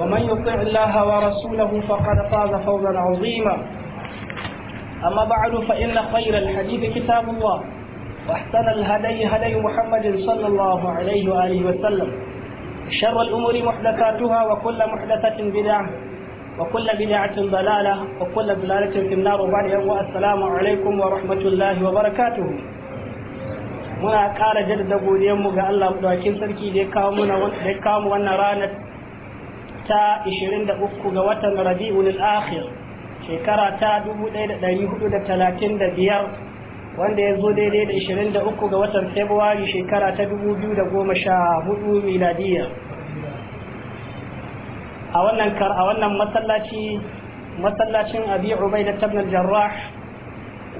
ومن يطع الله ورسوله فقد فاز فوزا عظيما أما بعد فإن خير الحديث كتاب الله وأحسن الهدي هدي محمد صلى الله عليه وآله وسلم شر الأمور محدثاتها وكل محدثة بدعة وكل بدعة ضلالة وكل ضلالة في النار وبعد والسلام عليكم ورحمة الله وبركاته muna ƙara jaddada ابو ga Allah ɗaukin sarki da ya kawo mu wannan ranar ta 23 ga watan rabi'ul akhir shekara ta 1435 wanda ya zo daidai da 23 ga watan february shekara ta 2014 miladiya a wannan kar a wannan masallaci masallacin abi ubaida tabnal jarrah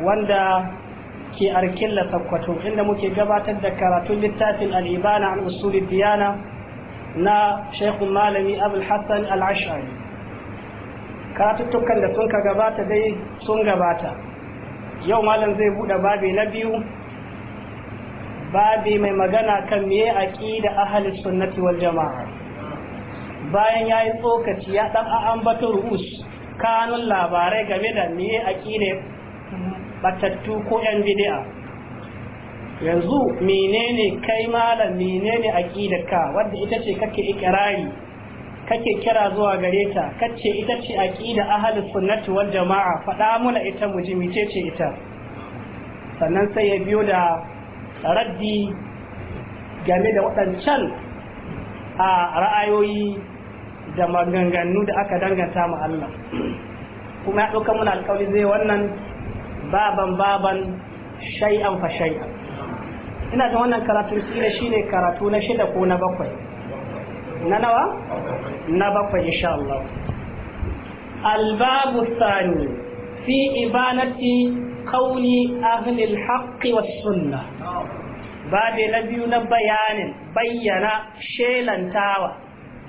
wanda ke arkilla sakkwato inda muke gabatar da karatun littafin al'ibana an usulid diyana na Sheikh malami abul hassan ashari karatuttukan da sun ka gabata dai sun gabata yau malam zai buɗe babi na biyu babi mai magana kan me aqida ahli sunnati wal jama'a bayan ya yi tsokaci ya ɗan batun ruhus, kanun labarai game da me aqida batattu ko yan bid'a yanzu menene kai malam menene aqidarka wanda ita ce kake ikrari kake kira zuwa gare ta kace ita ce aqida ahlus sunnati wal jamaa fada muna ita muji mice ce ita sannan sai ya biyo da raddi game da waɗancan a ra'ayoyi da maganganu da aka danganta ma Allah kuma ya ɗauka muna alƙawari zai wannan baban baban shay'an fa shay'an ina da wannan karatu kila shine karatu na shida ko na bakwai na nawa na bakwai insha Allah albabu thani fi ibanati kauni ahli alhaq was sunnah babe na biyu na bayanin bayyana shelantawa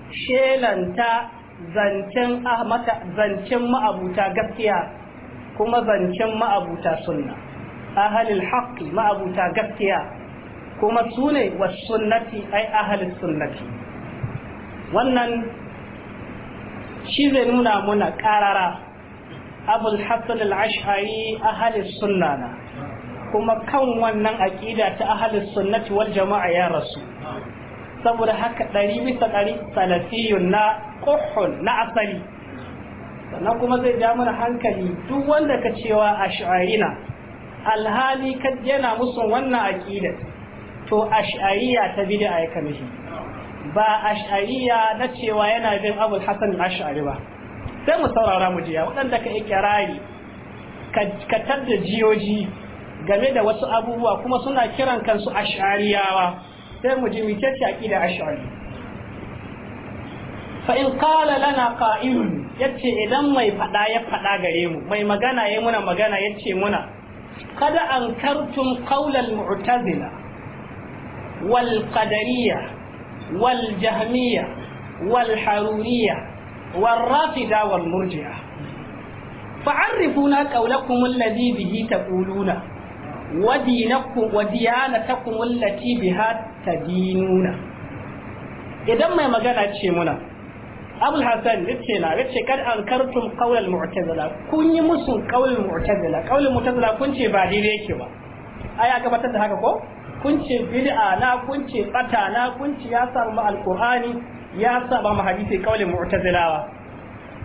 shelanta zancen ahmata zancen ma'abuta gaskiya kuma zancen ma'abuta sunna ahli alhaq ma'abuta gaskiya kuma su ne wa sunnati ai ahalin sunnati wannan shi zai nuna muna karara abul hassan al'ashari ahalin sunna na kuma kan wannan aƙida ta ahalin sunnati wal jama'a ya rasu saboda haka ɗari bisa ɗari salafiyun na ƙuhun na asali sannan kuma zai ja mana hankali duk wanda ka cewa ash'arina alhali ka yana musu wannan aqidar to ash'ariya ta bid'a ya kamishi ba ash'ariya na cewa yana bin abul hassan ash'ari ba sai mu saurara mu jiya waɗanda ka ikirari ka tadda jiyoji game da wasu abubuwa kuma suna kiran kansu ash'ariyawa sai mu ji mice ce aqida ash'ari fa in qala lana yace idan mai fada ya fada gare mu mai magana yayi muna magana yace muna kada an kartum qaulal mu'tazila والقدرية والجهمية والحرورية والرافضة والمرجئة فعرفونا قولكم الذي به تقولون ودينكم وديانتكم التي بها تدينون idan mai magana ce muna abul hasan ce na yace kad ankartum qawl mu'tazila kun yi musu qawl mu'tazila qawl mu'tazila kun ce ba daidai yake ba a ya gabatar da haka ko ce bid'a na ce bata na ce ya sa mu alqur'ani ya saba mu hadisi kaulin mu'tazilawa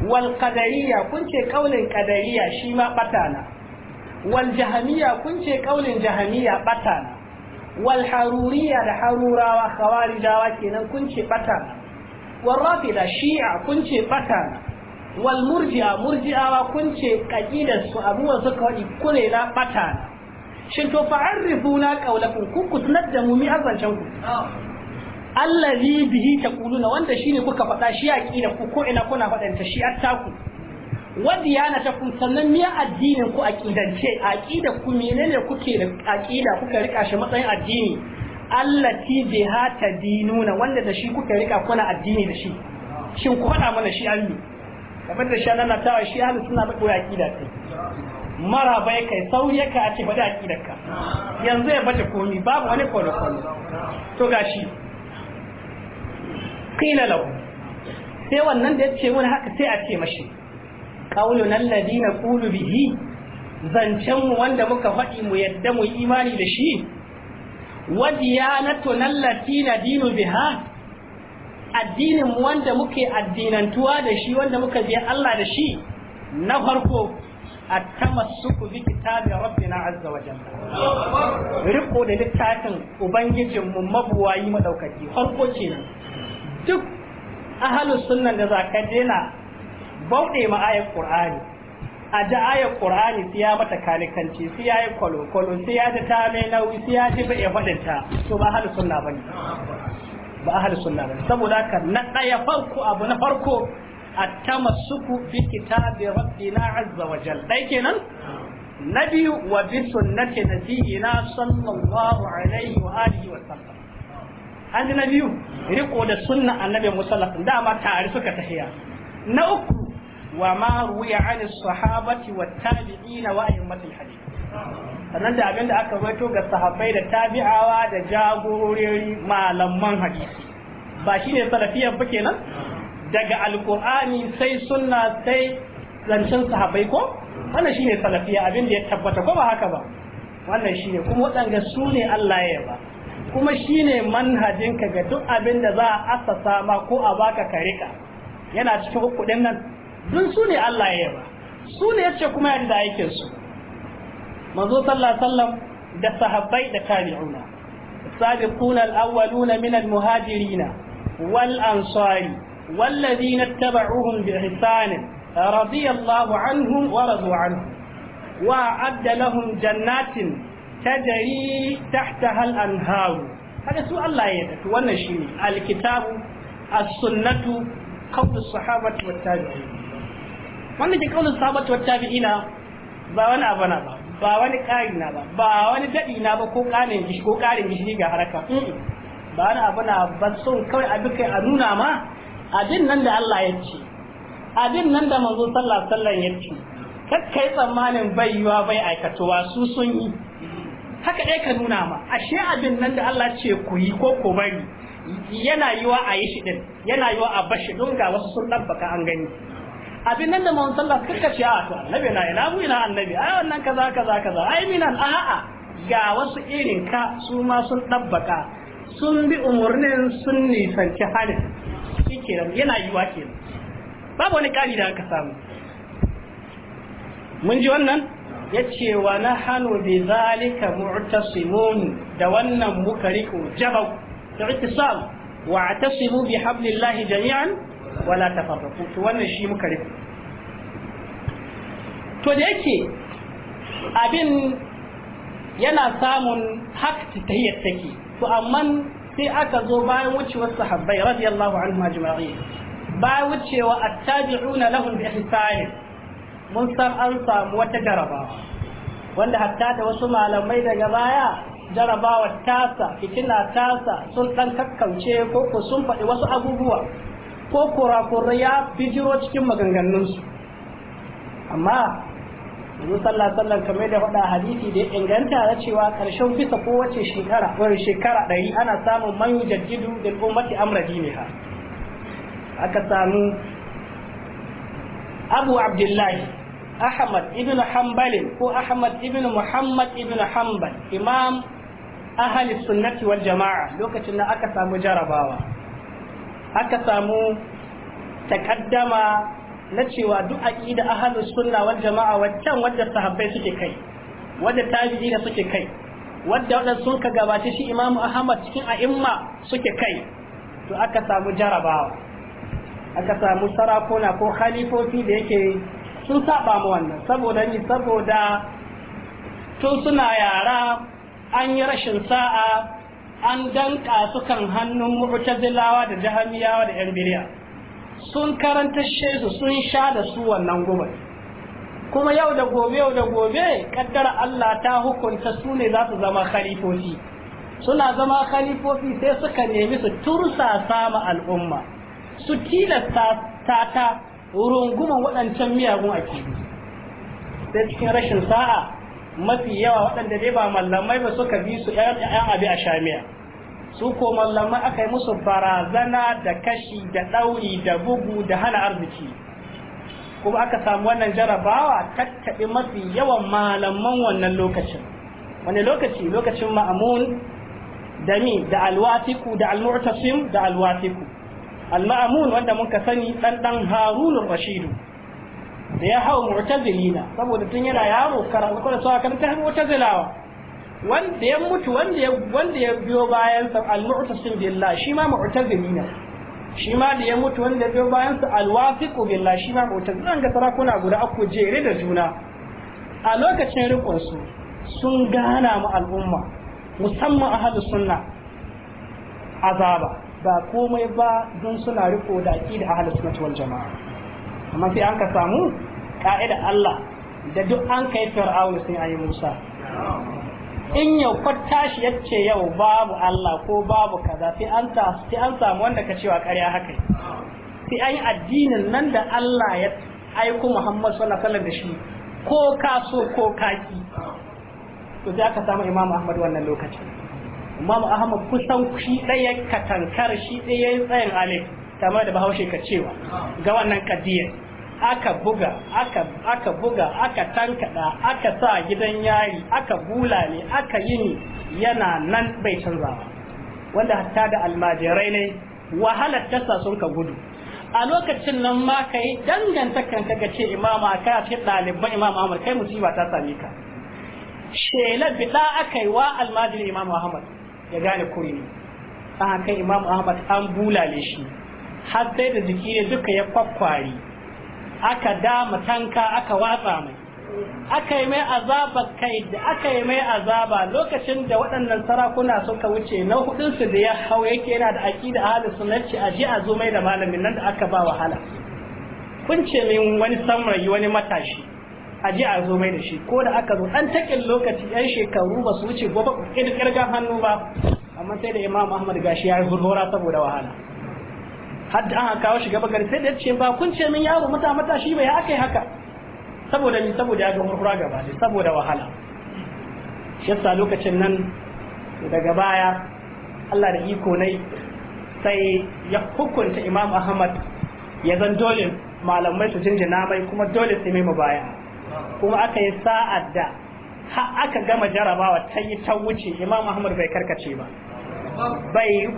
wal qadariyya ce kaulin qadariyya shi ma bata na wal jahamiyya ce kaulin jahamiyya bata na wal haruriyya da harurawa khawarijawa kenan ce bata na wal rafida shi'a ce bata na wal murji'a murji'awa kunce kaqidar su abubuwan suka wadi kure na bata na shin to fa'arrifuna qawlakum kun ku sanar da mu mi azancan ku allazi bihi taquluna wanda shine kuka faɗa shi aqida ku ko ina kuna faɗan ta shi attaku wanda yana ta kun sannan miya addinin ku aqidance aqida ku menene kuke da aqida kuka rika shi matsayin addini allati biha tadinuna wanda da shi kuka rika kuna addini da shi shin ku faɗa mana shi allu kamar da shi ana ta shi ahlus sunna ba ko aqida sai mara bai kai sauri yaka a ce bada aqidarka yanzu ya bace komi babu wani kwalo kwalo to gashi qila lau. sai wannan da yace wani haka sai a ce mashi qaulun alladina Kulu bihi zancen mu wanda muka faɗi mu yadda mu imani da shi wa diyanatun na dinu biha addinin wanda muke addinantuwa da shi wanda muka biya Allah da shi na farko التمسك بكتاب ربنا عز وجل riko da littafin ubangijin mu mabuwayi madaukaki farko kenan duk ahalus sunnan da zaka dena bauɗe ma ayat qur'ani a da ayat qur'ani sai ya mata kalikanci sai ya yi kwalo kwalo sai ya ji ta mai nauyi sai ya ji ba ya faɗin ta to ba ahalus sunna bane ba ahalus sunna bane saboda ka na ɗaya farko abu na farko at-tamassuku bi kitabi rabbina azza wa jalla dai kenan na biyu wa bi sunnati nabiyina sallallahu alaihi wa alihi wa sallam na biyu riko da sunna annabi musallaf dama tare suka tahiya na uku wa ma ruwiya an sahabati wa tabi'ina wa a'immatul hadith sannan da aka rawaito ga sahabai da tabi'awa da jagorori malaman hadisi ba shine salafiyar ba kenan daga alkur'ani sai sunna sai zancen sahabbai ko wannan shine salafiya abin da ya tabbata ko ba haka ba wannan shine kuma waɗanda su ne Allah ya yaba kuma shine manhajin ka ga duk abin da za a assasa ma ko a baka ka karika yana cikin kuɗin nan dun su ne Allah ya yaba su ne yace kuma yadda aikin su manzo sallallahu alaihi wasallam da sahabbai da tabi'una السابقون الأولون من wal والأنصار والذين اتبعوهم بإحسان رضي الله عنهم ورضوا عنه وأعد لهم جنات تجري تحتها الأنهار هذا سؤال الله يدك ونشيء الكتاب السنة قول الصحابة والتابعين wannan ke kaulin sabatu wa tabi'ina ba wani abu na ba ba wani ƙari na ba ba wani daɗi ba ko ƙarin ko ƙarin gishi ga haraka ba wani ba son kawai a duka a nuna ma abin nan da Allah ya ce abin nan da manzo sallallahu alaihi wasallam ya ce kai tsammanin bai yiwa bai aikatuwa su sun yi haka dai ka nuna ma ashe abin nan da Allah ce ku yi ko ku bari yana yiwa a yi shi din yana yiwa a bashi don ga wasu sun dabbaka an gani abin nan da manzo sallallahu alaihi wasallam a ah, to annabi na ina mu ina annabi ai wannan kaza kaza kaza ai minan a'a ga wasu irin ka su ma sun dabbaka sun bi umurnin sun nisanci halin shi yana yiwa kenan babu wani kari da aka samu mun ji wannan ya ce wa na hannu da zalika mu'tasimun da wannan muka riko jabau da ittisal wa atasimu bi hablillahi jami'an wala tafarraqu to wannan shi muka riko to da yake abin yana samun hakti tahiyyar take to amma sai aka zo bayan wucewar sahabbai radiyallahu anhu ajma'in bayan wucewa attabi'una lahum bi ihsan mun san an samu wata jarabawa wanda hatta da wasu malamai daga baya jarabawa tasa fitina tasa sun dan kakkauce ko ko sun faɗi wasu abubuwa ko kurakurai ya bijiro cikin maganganunsu amma yanzu sallah sallan kamar da faɗa hadisi da inganta na cewa ƙarshen bisa kowace shekara shekara ɗari ana samun man jaddidu da ummati amra diniha aka samu abu abdullahi ahmad ibn hanbalin ko ahmad ibn muhammad ibn hanbal imam ahli sunnati wal jama'a lokacin da aka samu jarabawa aka samu takaddama na cewa duk aqida ahlus sunna wal jama'a waccan wadda sahabbai suke kai wadda tabi'i da suke kai wadda wadan sun ka gabace shi Imam Ahmad cikin a'imma suke kai to aka samu jarabawa aka samu sarakuna ko khalifofi da yake sun saba mu wannan saboda ni saboda tun suna yara an yi rashin sa'a an danka su kan hannun mu'tazilawa da jahamiyawa da yan biriya sun karanta shesu sun sha da su wannan gubar kuma yau da gobe yau da gobe kaddara Allah ta hukunta su ne za su zama khalifofi suna zama khalifofi sai suka nemi su tursa sama al'umma su tilasta ta ta runguman waɗancan miyagun akidu sai cikin rashin sa'a mafi yawa waɗanda dai ba mallamai ba suka bi su 'yan abi a shamiya su ko mallamai aka yi musu barazana da kashi da ɗauri da bugu da hana arziki kuma aka samu wannan jarabawa tattaɓi mafi yawan malaman wannan lokacin wani lokaci lokacin ma'amun da ni da alwatiku da almu'tasim da alwatiku al-ma'amun wanda muka sani ɗanɗan dan rashidu da ya hau mu'tazilina saboda tun yana yaro karatu kuma sai ta mu'tazilawa wanda ya mutu wanda ya wanda ya biyo bayan sa al-mu'tasim billah shi ma mu'tazimi ne shi ma da ya mutu wanda ya biyo bayan sa al-wasiqu billah shi ma mu'tazimi an ga sarakuna guda uku jere da juna a lokacin rikon su sun gana mu al'umma musamman ahlus sunna azaba ba komai ba don suna riko da da ahlus sunna wal jamaa amma sai an ka samu ka'ida Allah da duk an kai fir'auna sai ayi Musa in yau kwata shi ya ce yau babu Allah ko babu kaza sai an samu wanda ka cewa ƙarya haka sai an yi addinin nan da Allah ya aiko Muhammad sallallahu alaihi da shi ko ka so ko kaki to sai aka samu Imam Ahmad wannan lokacin Imam Ahmad kusan shi ɗaya katankar shi ɗaya tsayin alif kamar da Bahaushe ka cewa ga wannan kadiyar aka buga aka aka buga aka tankada aka sa gidan yari aka bulale aka yi ni yana nan bai canza ba. wanda hatta da almajirai ne wahalar tasa sun ka gudu a lokacin nan ma kai yi danganta kanka ga ce imama ka ce ɗaliban imam ahmad kai musiba ta same ka shelar bida aka yi wa almajiri imam ahmad ya gane kuri ne a kai imam ahmad an bulale shi har sai da jiki ne duka ya kwakwari aka dama tanka aka watsa mai aka yi mai azaba kai da aka yi mai azaba lokacin da waɗannan sarakuna suka wuce na hudunsu da ya hau yake yana da aƙida ahalin sunnati a ji a zo mai da malamin nan da aka ba wahala kun ce min wani samurai wani matashi a ji a zo mai da shi ko da aka zo ɗan takin lokaci ɗan shekaru ba su wuce gobe ƙirƙirgar hannu ba amma sai da imam ahmad gashi ya yi saboda wahala Hadda an aka kawo shi gaba gari sai da ba kun ce min yaro mata mata shi bai aka yi haka saboda ni saboda ya ga hurhura gaba ne saboda wahala shi yasa lokacin nan daga baya Allah da iko nai sai ya hukunta Imam Ahmad ya zan dole malamai su jinjina mai kuma dole su mai mabaya kuma aka yi sa'ad da aka gama jarabawa ta yi ta wuce Imam Ahmad bai karkace ba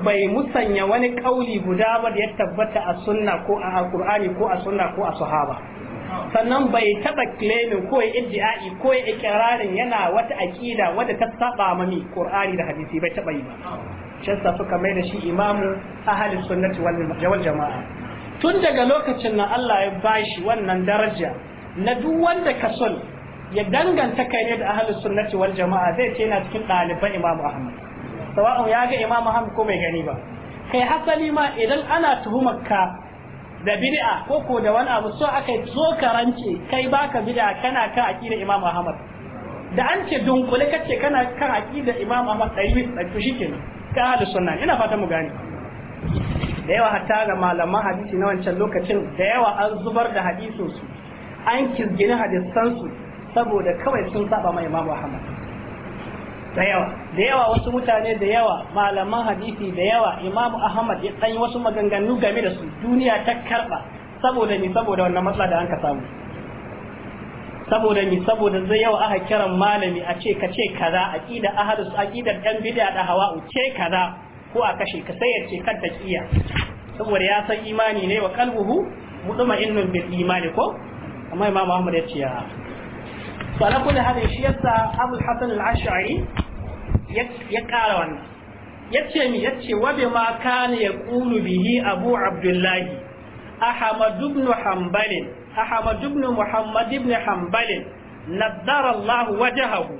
bai musanya wani kauli guda ba da ya tabbata a sunna ko a alkur'ani ko a sunna ko a sahaba sannan bai taɓa claiming ko ya iddi'ai ko ya ikirarin yana wata aƙida wadda ta saba mami qur'ani da hadisi bai taɓa yi ba shin sa suka mai da shi imamu ahalin sunnati wal jama'a tun daga lokacin nan Allah ya bashi wannan daraja na duk wanda ka son ya danganta kai ne da ahalin sunnati wal jama'a zai ce yana cikin ɗaliban imamu ahmad sawa'un ya ga Imam Ahmad ko mai gani ba kai hasali ma idan ana tuhumarka da bid'a ko ko da wani abu so aka zo karance kai baka bid'a kana kan aqida Imam Ahmad da an ce dunkule kace kana kan aqida Imam Ahmad ɗari ɗari to shikenan ka ahlus sunna ina fata mu gani da yawa hatta ga malaman hadisi na wancan lokacin da yawa an zubar da hadisinsu an kizgini hadisansu saboda kawai sun saba ma imam ahmad da yawa da yawa wasu mutane da yawa malaman hadisi da yawa imamu ahmad ya tsayi wasu maganganu game da su duniya ta karba saboda ni saboda wannan matsala da an ka samu saboda ni saboda zai yawa aka kiran malami a ce ka ce kaza aqida ahadus aqidar dan bid'a da hawa ce kaza ko a kashe ka sai ya ce kan taqiya saboda ya san imani ne wa kalbuhu muduma innun bil imani ko amma imamu ahmad ya ce ya fa la shi yasa abul hasan al-ash'ari ya kara wannan yace mi yace wa bima kana yaqulu bihi abu abdullahi ahmad ibn hanbal ahmad ibn muhammad ibn hanbal nadara allah wajhahu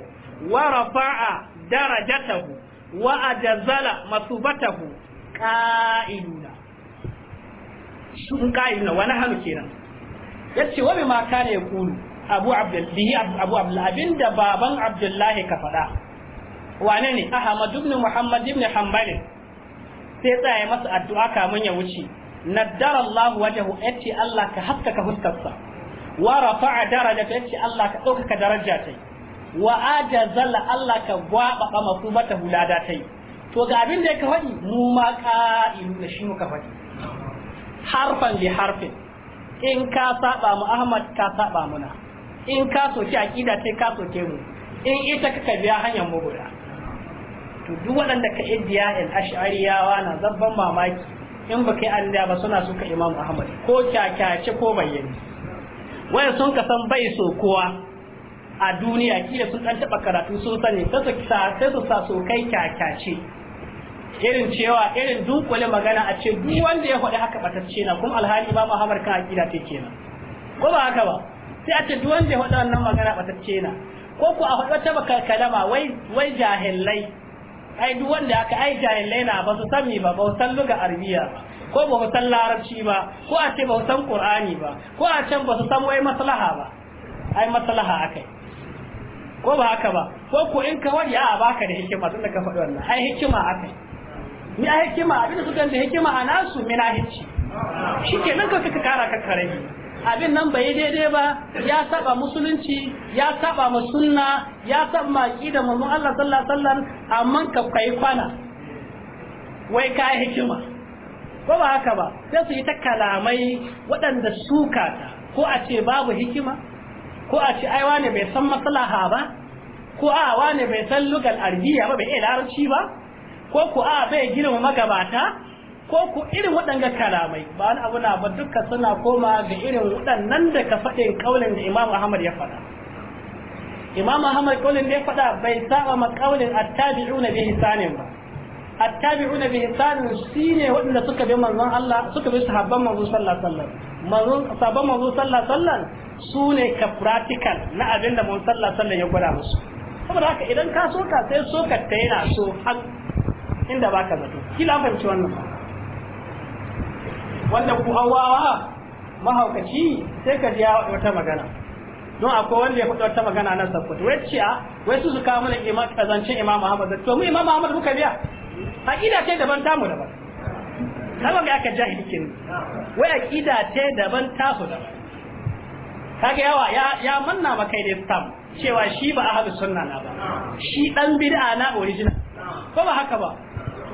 wa rafa'a darajatahu wa ajazala masubatahu qa'iduna sun qa'iduna wa nahnu kenan yace wa bima kana yaqulu abu abdul abu abdullahi abinda baban abdullahi ka faɗa wane ne ahmad ibn muhammad ibn hanbal sai tsaya masa addu'a kamun ya wuce naddara Allah wajahu yace Allah ka haskaka huskarsa wa rafa'a darajata yace Allah ka ɗaukaka daraja ta wa ajazala Allah ka gwaba gwababa makubata hulada ta to ga abin da ya faɗi mu ma qa'ilu da shi muka faɗi harfan li harfin in ka saba mu Ahmad ka saba muna in ka soki aqida sai ka soke mu in ita ka biya hanyar mu guda to duk waɗanda ka iddiya in ash'ariyawa na zabban mamaki in ba kai an ba suna suka imam ahmad ko kyakyace ko bayyane waya sun ka san bai so kowa a duniya kila sun dan taba karatu sun sani sai su sa so kai kyakyace irin cewa irin dunkule magana a ce duk wanda ya faɗi haka batacce na kuma alhali ba Muhammad kan aqida ta kenan ko ba haka ba sai a ce duk wanda ya faɗi wannan magana batacce na ko ku a faɗi wata kalama wai wai jahilai ai duk wanda aka ai jahilai na ba su san ba ba su san luga arabiya ko ba su san larabci ba ko a ce ba su san qur'ani ba ko a can ba su san wai maslaha ba ai maslaha akai ko ba haka ba ko ko in ka wadi a baka da hikima tun da ka faɗi wannan ai hikima akai ni a hikima abin da suka da hikima a nasu mina hicci shikenan ka suka kara ka karabi abin nan bai daidai ba ya saba musulunci ya saba ma sunna ya saba ma aqida mu Allah sallallahu alaihi amma ka kai kwana wai ka hikima ko ba haka ba sai su yi ta kalamai waɗanda suka ta ko a ce babu hikima ko a ce ai wane bai san maslaha ba ko a wane bai san lugal arbiya ba bai iya larabci ba ko ku a bai girma magabata ko ku irin waɗanga kalamai ba wani abu na ba duka suna koma ga irin waɗannan da ka faɗin kaulin da Imam Ahmad ya faɗa Imam Ahmad kaulin da ya faɗa bai saba ma kaulin attabi'una bi hisanin ba attabi'una bi hisanin shine waɗanda suka bi manzon Allah suka bi sahabban manzon sallallahu alaihi wasallam manzon sahabban manzon sallallahu alaihi wasallam su ne ka practical na abin da manzon sallallahu alaihi wasallam ya gwada musu saboda haka idan ka soka sai soka ta yana so har inda baka zato kila an fahimci wannan wanda ku hawawa mahaukaci sai ka ji wata magana don akwai wanda ya faɗi wata magana nan sabbata wai ce ah, wai su suka kawo mana imam kazancin imam muhammad to mu imam muhammad muka biya aqida ce daban tamu daban kama ga aka jahili kin wai aqida ce daban tasu daban kage yawa ya ya manna maka dai tam cewa shi ba ahlus sunna na ba shi dan bid'a na original ko ba haka ba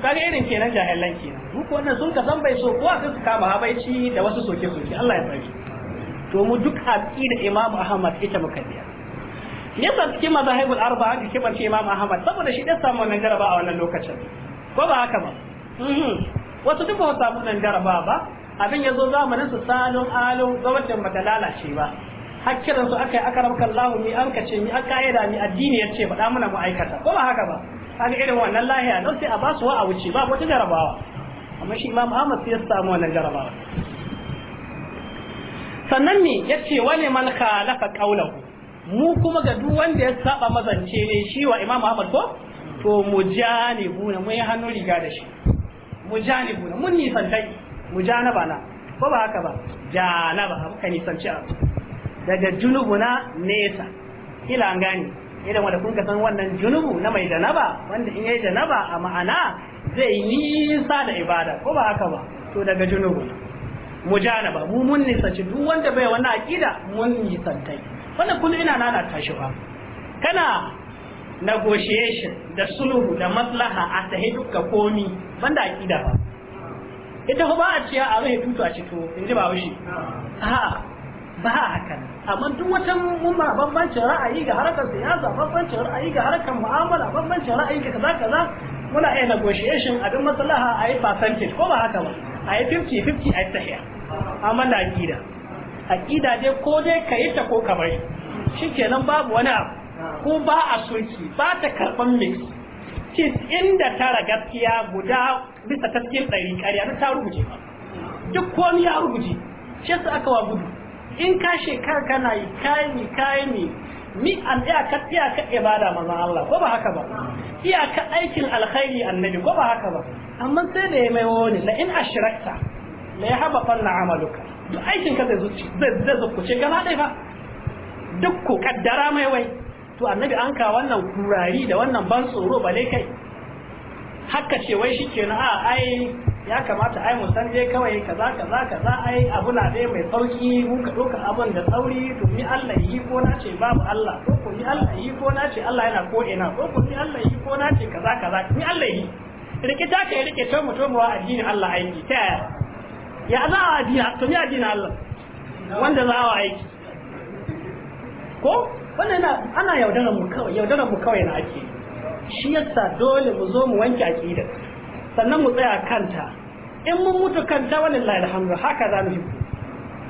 kaga irin kenan jahilan kenan duk wannan sun ka bai so ko sai su kama ci da wasu soke soke Allah ya tsare to mu duk da Imam Ahmad ita muka biya yasa cikin mazahibul arba'a kibar kibarce Imam Ahmad saboda shi dan samu wannan garaba a wannan lokacin ko ba haka ba mhm. wasu duk ba samu nan garaba ba abin yazo zamanin su salon alon gwamnatin bata lalace ba har kiran su aka yi akaramkan mi an kace mi an ka'ida mi addini yace faɗa muna mu aikata ko ba haka ba kaga irin wannan lahiya don sai a ba su wa a wuce ba wata jarabawa amma shi imam ahmad sai ya samu wannan jarabawa sannan ne ya ce wani man khalafa qaulahu mu kuma ga duk wanda ya saba mazance ne shi wa imam ahmad ko to mujanibuna mu yi hannu riga da shi buna mun nisantai mujanaba na ko ba haka ba janaba muka nisanci abu daga junubuna nesa ila an irin wanda kun san wannan junubu na mai janaba wanda in yayi janaba a ma'ana zai yi nisa da ibada ko ba haka ba to daga junubu mujanaba mu mun nisanci duk wanda bai wannan akida mun nisanta wannan kullum ina lalata shi ba kana negotiation da sulhu da maslaha a tahi duka komi banda akida ba ita ba a ciya a rufe tutu a cito in ji ba wushi a'a ba hakan amma duk wata mumma bambancin ra'ayi ga harkar siyasa bambancin ra'ayi ga harkar mu'amala bambancin ra'ayi ga kaza kaza muna iya negotiation abin maslaha a yi percentage ko ba haka ba a yi 50 50 a yi tahiya amma na aqida aqida dai ko dai ka yi ta ko ka bari kenan babu wani abu ko ba a soki ba ta karban mix cis inda tara gaskiya guda bisa taskin ɗari ƙarya ta rubuce duk komi ya rubuce shi su aka wa gudu in ka shekar kana yi kai ni kai ni mi an iyaka ka ibada manzon Allah ko ba haka ba iyaka aikin alkhairi annabi ko ba haka ba amma sai da ya mai wani na in ashrakta la yahbatanna amaluka duk aikin ka zai zuci zai zai zukuce gaba dai fa duk ko kaddara mai wai to annabi an ka wannan kurari da wannan ban tsoro dai kai haka ce wai shikenan a ai ya kamata ai mu san dai kawai kaza kaza kaza ai abu na dai mai sauki mun ka doka abin da sauri to ni Allah yi ko na ce babu Allah ko ko ni Allah yi ko na ce Allah yana ko ina ko ko ni Allah yi ko na ce kaza kaza ni Allah yi Rike ta ce rike to mu to mu wa addini Allah aiki ta ya za a addini to ni addini Allah wanda za a aiki ko wannan ana yaudarar mu kawai yaudarar mu kawai na ake shi yasa dole mu zo mu wanke aqidar sannan mu tsaya kanta in mun mutu kanta walillahi alhamdu haka za mu yi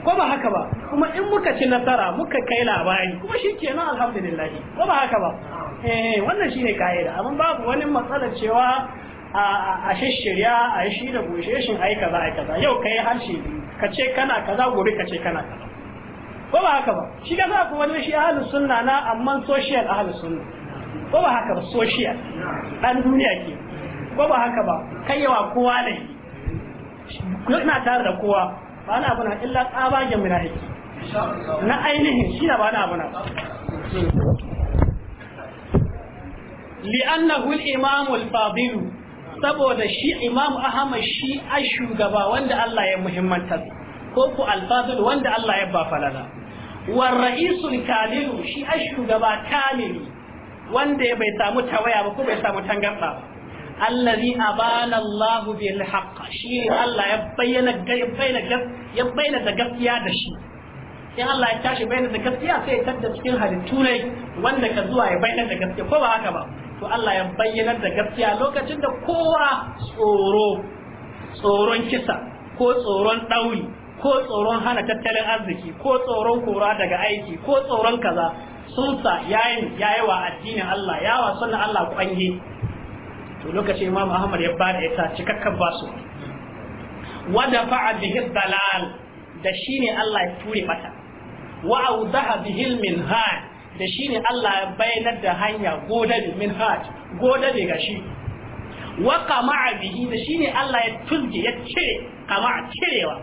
ko ba haka ba kuma in muka ci nasara muka kai labari kuma shi ke nan alhamdulillah ko ba haka ba eh wannan shine kaida amma babu wani matsalar cewa a shishirya a yi shi da goshe shin ai kaza ai kaza yau kai harshe ka ce kana kaza gobe ka ce kana kaza ko ba haka ba shi ka za ku wani shi ahlu sunna na amma social ahlu sunna ko ba haka ba social dan duniya ke ko ba haka ba kai yawa kowa ne na tare da kowa ba na abuna illa tsabagen munafiki na ainihin shi na ba na abuna li'annahu al-imamu al-fadilu saboda shi imam ahmad shi a shugaba wanda Allah ya muhimmanta ko ku alfadul wanda Allah ya ba falala war ra'isul kamilu shi a shugaba kamili wanda bai samu tawaya ba ko bai samu tangarda ba allazi abana Allah bil haqq shi Allah ya bayyana bayyana ya bayyana da gaskiya da shi sai Allah ya tashi bayyana da gaskiya sai ya da cikin halittu ne wanda ka zuwa ya bayyana da gaskiya ko ba haka ba to Allah ya bayyana da gaskiya lokacin da kowa tsoro tsoron kisa ko tsoron dauri ko tsoron hana tattalin arziki ko tsoron kora daga aiki ko tsoron kaza sun sa yayin yayewa addinin Allah yawa sunna Allah kwange to lokacin imam ahmad ya bada ita cikakken basu wa dafa'a bihi dalal da shine Allah ya ture mata wa awdaha bihi minhaj da shine Allah ya bayyana da hanya godabe minhaj ne gashi wa qama'a bihi da shine Allah ya tunje ya cire kama cirewa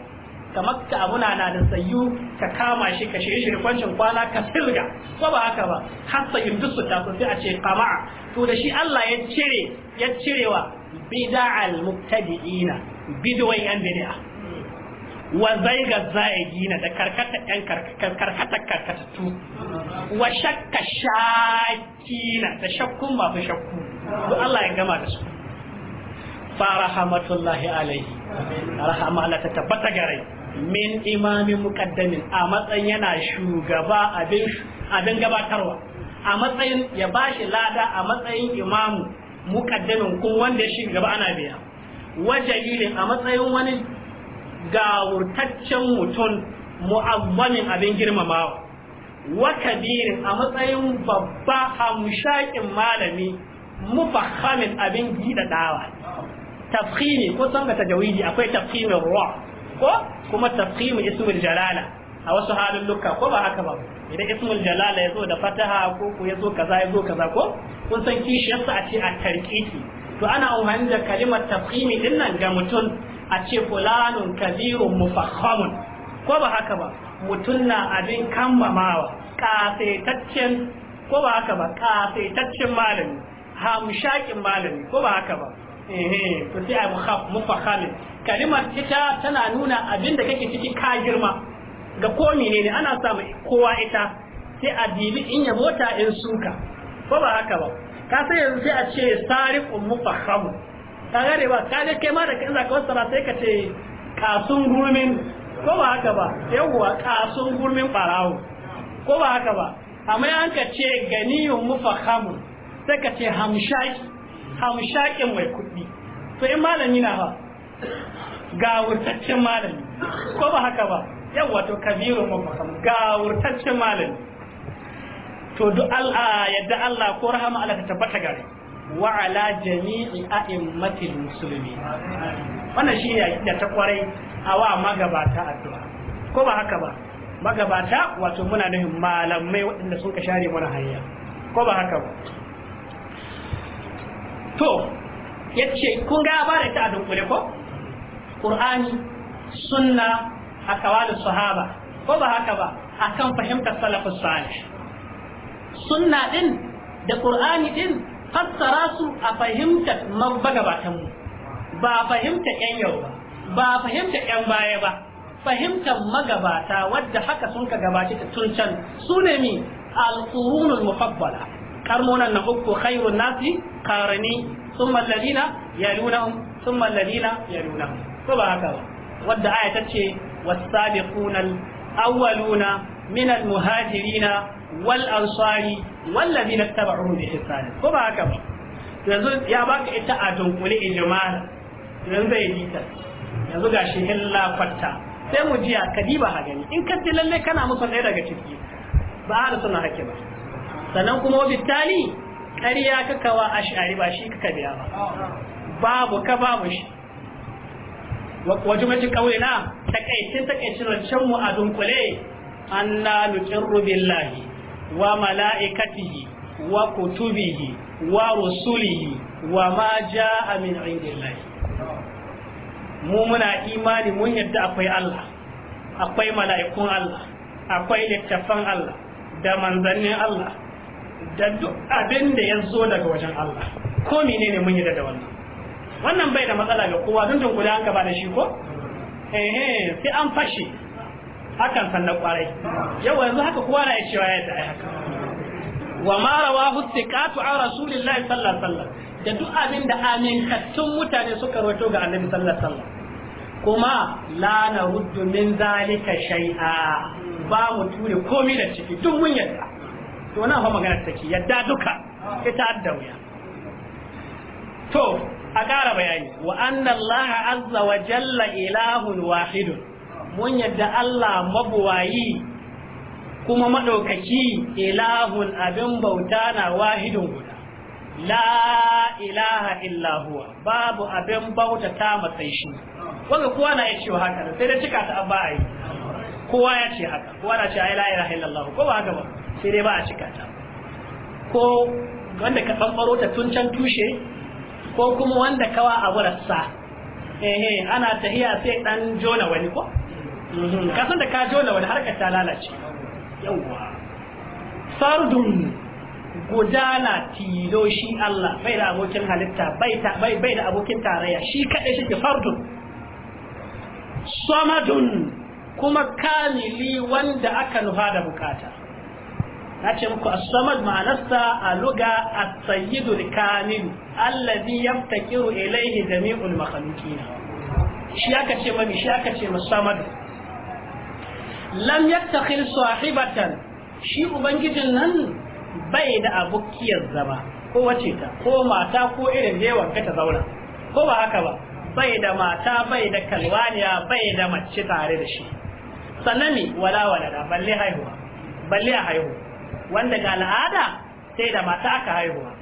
kamar ka abuna na da sayu ka kama shi ka shirye shirye kwancin kwana ka silga ko ba haka ba har sayun dusu ta fi a ce kama'a to da shi Allah ya cire ya cirewa bid'al mubtadi'ina bidwai an bid'a wa zaiga zaigina da karkata yan karkata karkatatu wa shakka shakina da shakkun ba shakku to Allah ya gama da su fa rahmatullahi alaihi rahama Allah ta tabbata gare min imamin mukaddamin a matsayin yana shugaba abin gabatarwa a matsayin ya bashi lada a matsayin imamu muqaddamin ko wanda shi gaba ana biya wajalilin a matsayin wani gawurtaccen mutum mu'azzamin abin girmamawa wa kabirin a matsayin babba mushaƙin malami mufahamin abin gidadawa Tafkimi ko san ga tajawidi akwai tafkhimin ruwa ko kuma tafkhimi ismul jalala a wasu halin duka ko ba haka ba idan ismul jalala ya zo da fataha ko ko ya zo kaza ya zo kaza ko kun san kishiyarsa a ce a tarkiki to ana umarni da kalimar tafhimi din nan ga mutum a ce fulanun kabirun mufakhamun ko ba haka ba mutum na abin kammamawa kafetaccen ko ba haka ba kafetaccen malami hamshakin malami ko ba haka ba eh to sai a mufakhami kalimar ita tana nuna abin da kake ciki ka girma ga ko menene ana samu kowa ita sai a dibi in yabo ta in suka ko ba haka ba ka sai yanzu sai a ce sariqun mufahhamu ka gare ba ka ga kai ma da kan zaka wasa sai ka ce kasun gurmin ko ba haka ba yawwa kasun gurmin barawo ko ba haka ba amma an ka ce ganiyun mufahhamu sai ka ce hamshaki hamshakin mai kuɗi to in malami na ba ga wurtaccen malami ko ba haka ba Yau wato kabirun mafakam ga wurtaccen malami to duk a yadda Allah ko rahama Allah ta tabbata gare wa ala jami'i a'immatil musulmi wannan shi ne da ta kwarai a wa magabata addu'a ko ba haka ba magabata wato muna nufin malamai waɗanda sun ka share mana hanya ko ba haka ba to yace kun ga ba da ta addu'a ko qur'ani sunna akawalin sahaba ko ba haka ba akan fahimtar salafus salih sunna din da qur'ani din fassara su a fahimtar mabagabatan mu ba fahimtar yan yau ba ba fahimtar yan baya ba fahimtar magabata wadda haka sun ka gabace ta tun can su ne mi al-qurunul mufaddala karmonan na uku khairun nasi qarani thumma alladina yalunahum thumma alladina yalunahum ko ba haka ba wadda aya ce والسابقون الأولون من المهاجرين والأنصار والذين اتبعوهم بإحسان كما هكذا yanzu ya baka ita a dunkule in jama'a, yanzu zai yi ta yanzu gashi hilla fatta sai mu jiya ka kadiba ha gani in ka lalle kana musu ɗaya daga ciki ba a suna hake ba sannan kuma bitali ƙarya kakawa ash'ari ba shi ka biya ba babu ka babu shi wa jumlatin ta takaitin takaicin rancen mu a dunkule An anna rubin billahi wa malaikatihi wa kutubihi wa rusulihi wa ma ja amin min indillahi mu muna imani mun yadda akwai Allah akwai mala'ikun Allah akwai littafan Allah da manzannin Allah da duk abin da ya zo daga wajen Allah ko ne mun yadda da wannan wannan bai da matsala ga kowa don tun guda an gaba da shi ko eh sai an fashe hakan sannan kwarai yawa yanzu haka kowa na cewa ya da haka wa ma rawahu thiqatu an rasulillahi sallallahu alaihi wasallam da duk abin da kattun mutane suka rawaito ga annabi sallallahu alaihi wasallam kuma la naruddu min zalika shay'a ba mu ture komai da ciki duk mun yadda to na fa magana take yadda duka ita da wuya to a ƙara bayani wa laha azza wa jalla ilahun wahidun mun yadda Allah mabuwayi kuma maɗaukaki ilahun abin bauta na wahidun guda la ilaha illahuwa babu abin bauta ta matsayi shi wanda kowa na ya cewa haka sai dai cika ta abba a yi kowa ya ce haka kowa na ce a la ilaha illallahu ko ba haka ba sai dai ba a cika ta ko wanda ka tsanfaro ta tun can tushe ko kuma wanda kawa a wurarsa ehe ana tahiya sai dan jona wani ko mhm, ka san da ka jona wani harka ta lalace yawwa Fardun gudana tilo shi Allah bai da abokin halitta bai bai bai da abokin tarayya shi kadai shi ke fardun samadun kuma kamili wanda aka nufa da bukata na ce muku as-samad ma'anarsa a luga as-sayyidul kamil alladhi yaftakiru ilayhi jami'ul makhluqin shi aka ce mami shi aka ce musamad lam yattakhil sahibatan shi ubangijin nan bai da abokiyar zama ko wace ta ko mata ko irin yawan ka ta zauna ko ba haka ba bai da mata bai da kalwaniya bai da mace tare da shi sannan wala wala balle haihuwa balle a haihu wanda ga al'ada sai da mata aka haihuwa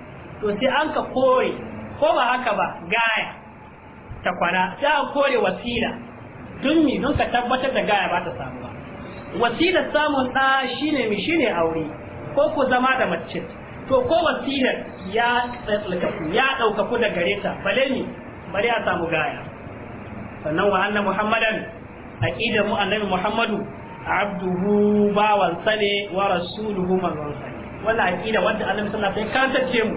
to sai an ka kore ko ba haka ba gaya ta kwana sai an kore wasila tun mi don ka tabbatar da gaya ba ta samu ba wasilar samun ɗa shine mi shine aure ko ku zama da mace to ko wasilar ya ku, ya ku da gareta, ta bale ni bari a samu gaya sannan wa annabi muhammadan aqidar mu annabi muhammadu abduhu bawansa ne wa rasuluhu manzonsa ne wannan aqida wanda annabi sallallahu alaihi wasallam ya kantace mu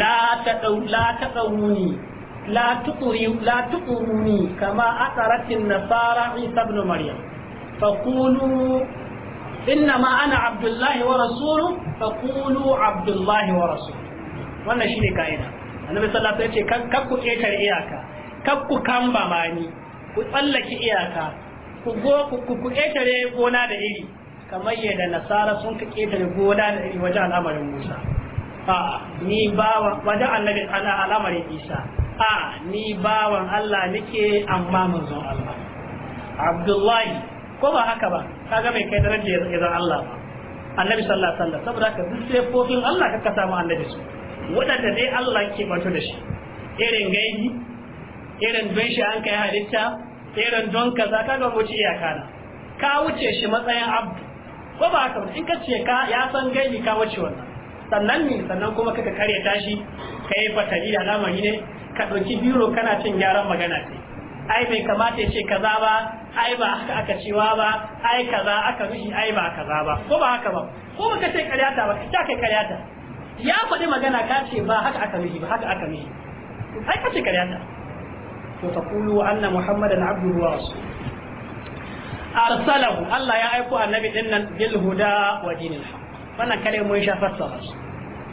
la tadau la tadawuni la tuquri la tuquruni kama ataratin nasara isa ibn maryam faqulu إنما أنا Abdullahi wa ورسوله فقولوا عبد الله ورسوله wannan shine ka'ida annabi sallallahu alaihi wasallam ya ce kakku ƙetare iyaka kakku kamba mani ku tsallake iyaka ku go ku ku ƙetare gona da iri kamar yadda nasara sun ka ƙetare gona da iri wajen al'amarin musa a ni bawa wajen annabi ana al'amarin isa a ni bawan allah nake amma manzon allah abdullahi ko ba haka ba ga mai kai daraja ya zan allah ba annabi sallallahu alaihi wasallam saboda ka duk sifofin allah ka samu annabi su waɗanda dai allah ke bato da shi irin gaibi irin don shi an kai halitta irin don kaza kaga wuce iyaka na ka wuce shi matsayin abdu ko ba haka in ka ce ka ya san gaibi ka wuce wannan sannan ne sannan kuma kaka kare tashi ka yi fatali da lamari ne ka ɗauki biro kana cin gyaran magana ce ai bai kamata ya ce kaza ba ai ba haka aka cewa ba ai kaza aka nushi ai ba kaza ba ko ba haka ba ko ka ce karyata ba ka kai karyata ya faɗi magana ka ce ba haka aka nushi ba haka aka nushi ai ka ce karyata to taqulu anna muhammadan abduhu wa rasuluhu arsalahu Allah ya aiko annabi din nan bil huda wa dinil haq wannan kare mun sha fassara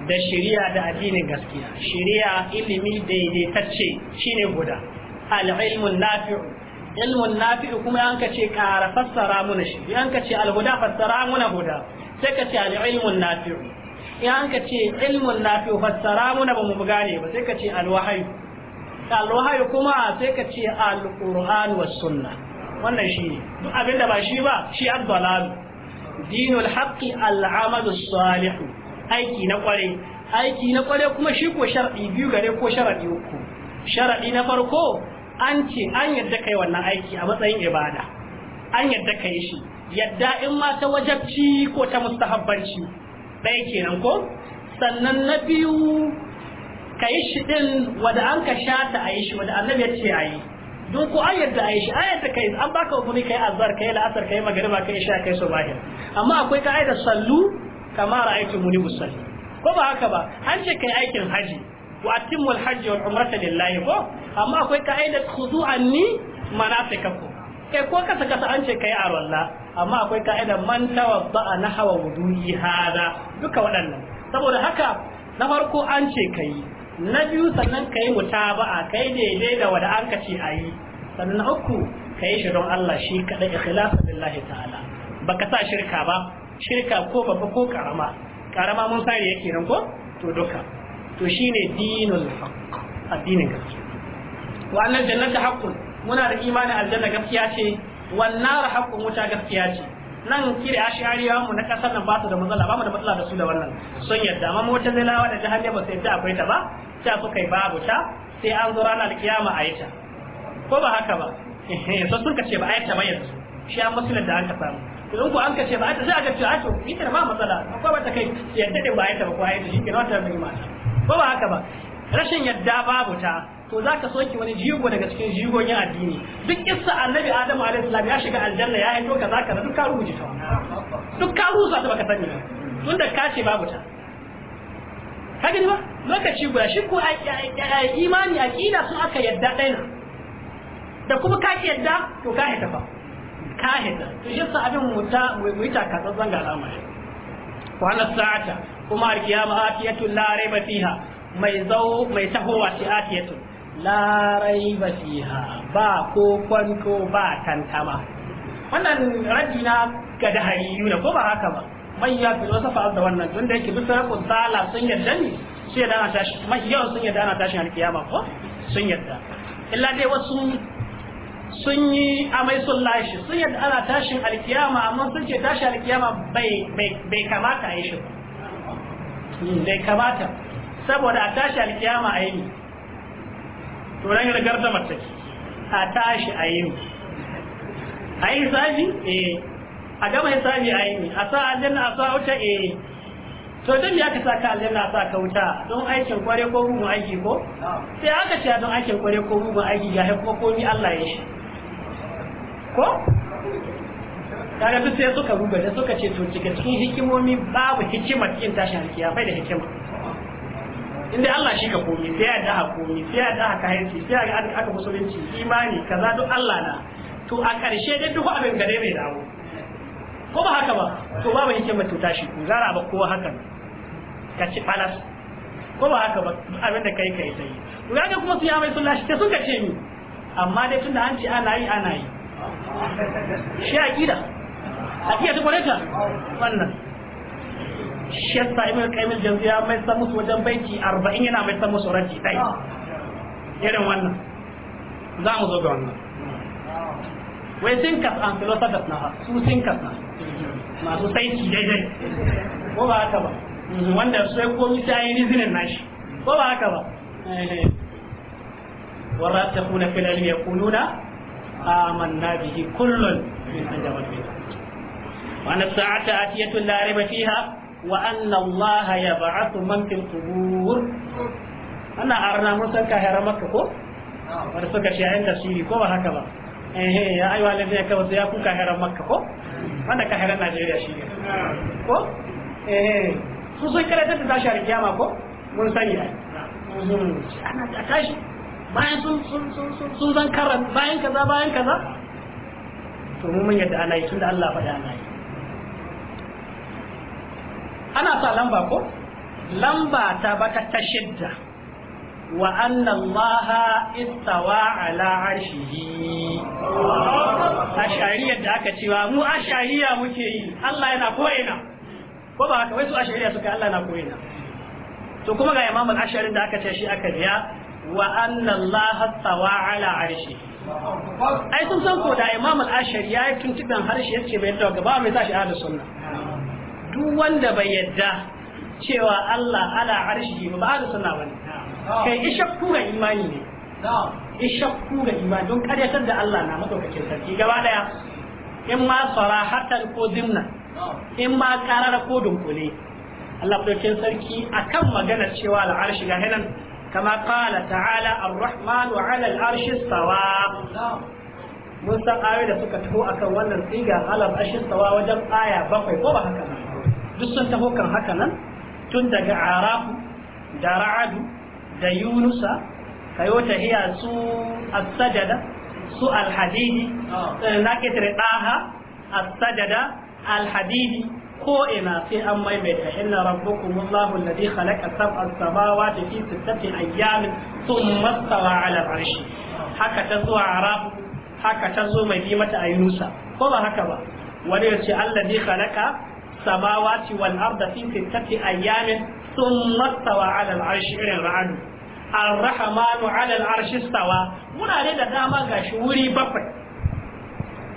da shari'a da addinin gaskiya shari'a ilimi daidaitacce shine guda al ilmu nafi'u ilmu nafi'u kuma an ka ce kara fassara muna shi an ka ce al huda fassara muna huda sai ka ce al ilmu nafi'u in an ka ce ilmu nafi'u fassara muna ba mu gane ba sai ka ce al alwahayu kuma sai ka ce alqur'an was sunna wannan shi ne. duk abin da ba shi ba shi ad-dalal dinul haqqi al-amalu salih aiki na kware aiki na kware kuma shi ko sharadi biyu gare ko sharadi uku sharadi na farko an ce an yadda kai wannan aiki a matsayin ibada an yadda kai shi yadda in ma ta wajabci ko ta mustahabbanci ɗaya kenan ko sannan na biyu ka yi shi ɗin wanda an ka sha ta a yi shi wanda annabi ya ce a yi don ko an yadda a yi shi an yadda kai an baka hukumi kai azhar yi la'asar kai magariba kai isha kai subahin amma akwai ka'idar sallu kama ra'aytu muni usalli ko ba haka ba an ce yi aikin haji wa atimul hajji wa umrata lillahi ko amma akwai ka'idar khudu'anni manasikakum kai ko kasa kasa an ce kai arwalla amma akwai ka'idar man tawadda'a nahwa wudu'i hada duka waɗannan saboda haka na farko an ce yi. na biyu sannan ka yi wuta ba'a kai daidai da wada an kace a yi sannan na uku ka yi shi don Allah shi kaɗai ikhlasu billahi ta'ala ka sa shirka ba shirka ko babba ko karama karama mun sare yake nan ko to duka to shine dinul haqq addinin gaskiya wa annal jannata haqqun muna da imanin aljanna gaskiya ce wan nar haqqun wuta gaskiya ce nan kire ashariya mu na kasar nan ba su da matsala ba mu da matsala da su da wannan sun yadda amma zai zalawa da jahannama ba ta akwai ta ba ta suka yi babu ta sai an zo ranar kiyama a yi ko ba haka ba so sun ka ce ba a ba yanzu shi an musulun da an ka samu idan ku an ka ce ba a ta za a ga cewa to ita ba matsala akwai wata kai yadda din ba a ba ko a yi shi ke wata mai mata ko ba haka ba rashin yadda babu ta to za ka soke wani jigo daga cikin jigoyin addini duk kissa annabi adamu alayhi salam ya shiga aljanna ya haito kaza kaza duk ka rubuce ta duk ka rusa ta baka sani tunda ka ce babu ta ka gani ba lokaci guda shi ko imani aqida sun aka yadda ɗaya da kuma ka yadda to ka haita ba ka haita to shi sa abin muta mu ita ka tsantsan ga al'amari wa na sa'ata kuma alkiyama atiyatu la raiba fiha mai zau mai tahowa ti atiyatu la raiba fiha ba ko kwanko ba tantama wannan radina ga dahariyuna ko ba haka ba mai ya fi wasu fa'al da wannan tun yake bisa ku tsala sun yarda ne sun yarda ana tashi mai yawan sun yarda na tashin alkiyama ko sun yarda illa dai wasu sun yi amai sun lashe sun yarda ana tashin alkiyama amma sun ce tashi alkiyama bai kamata a yi shi hmm, bai kamata saboda a tashi alkiyama a yi to ran rigar da mataki a tashi a yi a yi hisabi eh a gama hisabi a yi a sa aljanna a sa wuta eh to dan ya ka sa ka aljanna sa ka wuta don aikin kware ko mugun aiki ko sai aka ce don aikin kware ko mugun aiki ya haifu ko ni Allah ya shi ko kaga duk sai suka rubuta suka ce to daga cikin hikimomi babu hikima cikin tashin alkiya bai da hikima inda Allah shi ka komi sai ya da hakuri sai ya da kayanci sai ya ga aka musulunci imani kaza duk Allah na to a ƙarshe dai duk abin gare mai dawo ko ba haka ba to ba bai mutu tashi ku zara ba kowa haka ka ci falas ko ba haka ba abin da kai kai sai ku ga kuma su ya mai sun lashe suka ce ni amma dai tunda an ce ana yi ana yi shi aqida aqida ta kwareta wannan shiyasa ibn qayyim al ya mai san musu wajen baiti 40 yana mai san musu raji dai irin wannan za mu zo ga wannan wai sinkas an filosofas na ha, su sinkas na masu saiti daidai ko ba haka ba mhm, wanda sai komi ta yi rizinin nashi ko ba haka ba eh. warra ta kuna filal ya kununa manna bihi kullun min ajabat bi wa anna sa'ata atiyatu la riba fiha wa anna Allah yab'athu man fil qubur ana arna musan ka hera maka ko wanda suka ce ayin tafsiri ko ba haka ba eh eh ya ayyuhal ladina kafaru ya kuka hera maka ko wanda ka hairar najeriya shi ne ko eh su sun kare da tashi a kiyama ko mun sani ai ana a tashi bayan sun sun sun sun sun zan karan bayan kaza bayan kaza to mun mun yadda ana yi tunda Allah faɗa ana yi ana sa lamba ko lamba ta baka ta shidda wa anna allaha istawa ala arshihi ashariya da aka cewa mu ashariya muke yi Allah yana ko ko ba haka wai su ashariya suka Allah yana ko to kuma ga imamul ashari da aka ce shi aka biya wa anna allaha istawa ala arshi ai sun san ko da imamul ashari ya yi tuntuban harshe yace bai yadda gaba mai tashi ahlus sunna duk wanda bai yadda cewa Allah ala arshi ba ahlus sunna bane kai ishakku kura imani ne ishakku kura imani don karyatar da Allah na madaukakin sarki gaba daya in ma sarahatan ko zimna in ma karara ko dunkule Allah madaukakin sarki akan magana cewa al'arshi ga hinan kama qala ta'ala ar wa 'ala al-arshi mun san ayoyi da suka taho akan wannan tsiga alam ashi sawa wajen aya bakwai ko ba haka nan duk sun taho kan haka nan tun daga arafu da ra'adu da yunusa kayo tahiya su as su al ah. eh, na ketare ɗaha as-sajada ko ina sai an maimaita inna rabbukum allahu alladhi khalaqa sab'a samawati fi sittati ayyamin thumma stawa 'ala al haka ta zuwa arabu haka ta zo mai bi mata a yunusa ko ba haka ba wani ya ce alladhi khalaqa samawati wal arda fi sittati ayyamin thumma stawa 'ala al irin ra'adu ar-rahmanu 'ala al-arshi istawa muna ne da dama gashi wuri bakwai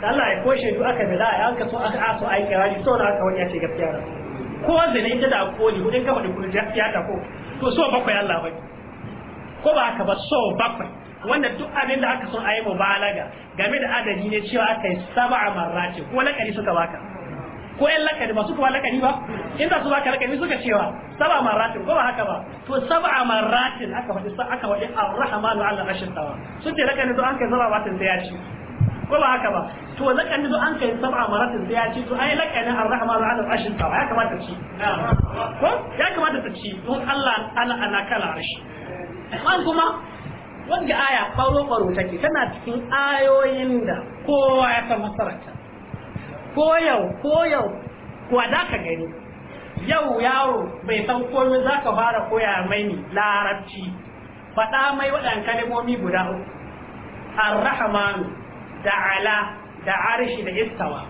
Allah ya koshe duk aka bila za aka yanka so aka aso ai kirari so da aka wani ya ce gaskiya da ko zane ita da koli kudin kama da kudin ya ta ko to so bakwai Allah bai ko ba haka ba so bakwai wanda duk abin da aka son ayi mubalaga game da adadi ne cewa aka yi sab'a marrati ko lakari suka baka ko yan lakani ba suka ba lakani ba inda su ka lakani suka cewa saba maratin ko ba haka ba to saba maratin aka faɗi aka faɗi ar-rahmanu ala rashin tawa sun ce lakani to an kai saba maratin sai ya ci ko ba haka ba to lakani to an kai saba maratin sai ya ci to ai lakani ar-rahmanu ala rashin tawa ya kamata ci ko ya kamata ta ci don Allah ala ana kala arshi an kuma wanda aya faro faro take tana cikin ayoyin da kowa ya san masarata ko yau ko yau kuwa za ka gani yau yaro bai san komai za ka fara koya mai ni larabci faɗa mai waɗannan kalmomi guda uku arrahmanu da ala da arshi da istawa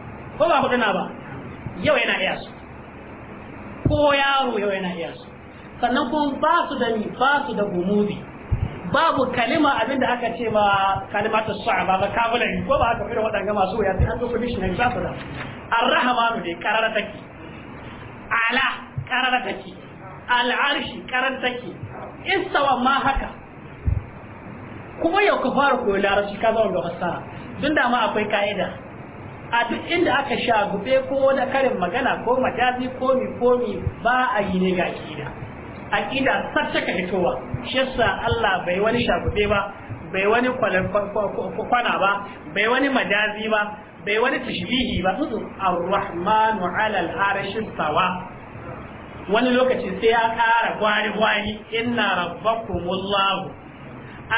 ko ba huduna ba yau yana iya su ko yaro yau yana iya su sannan kuma ba su da ni ba su da gumudi babu kalima abinda aka ce ma kalimatu sa'aba ba kabulan ko ba haka irin waɗanda masu wuya sai an zo ne za su da arrahmanu dai karara take ala karara take al'arshi karara take istawa ma haka kuma yau ka fara koyo larabci ka zama gaba sara don da ma akwai ka'ida a duk inda aka sha gube ko na karin magana ko majazi ko mi ko mi ba a yi ne ga akida aƙida sar take fitowa shi yasa Allah bai wani shagube ba bai wani kwana ba bai wani majazi ba bai wani tashbihi ba su ar ala al-arshi sawa wani lokaci sai ya ƙara gwari gwari inna rabbakumullahu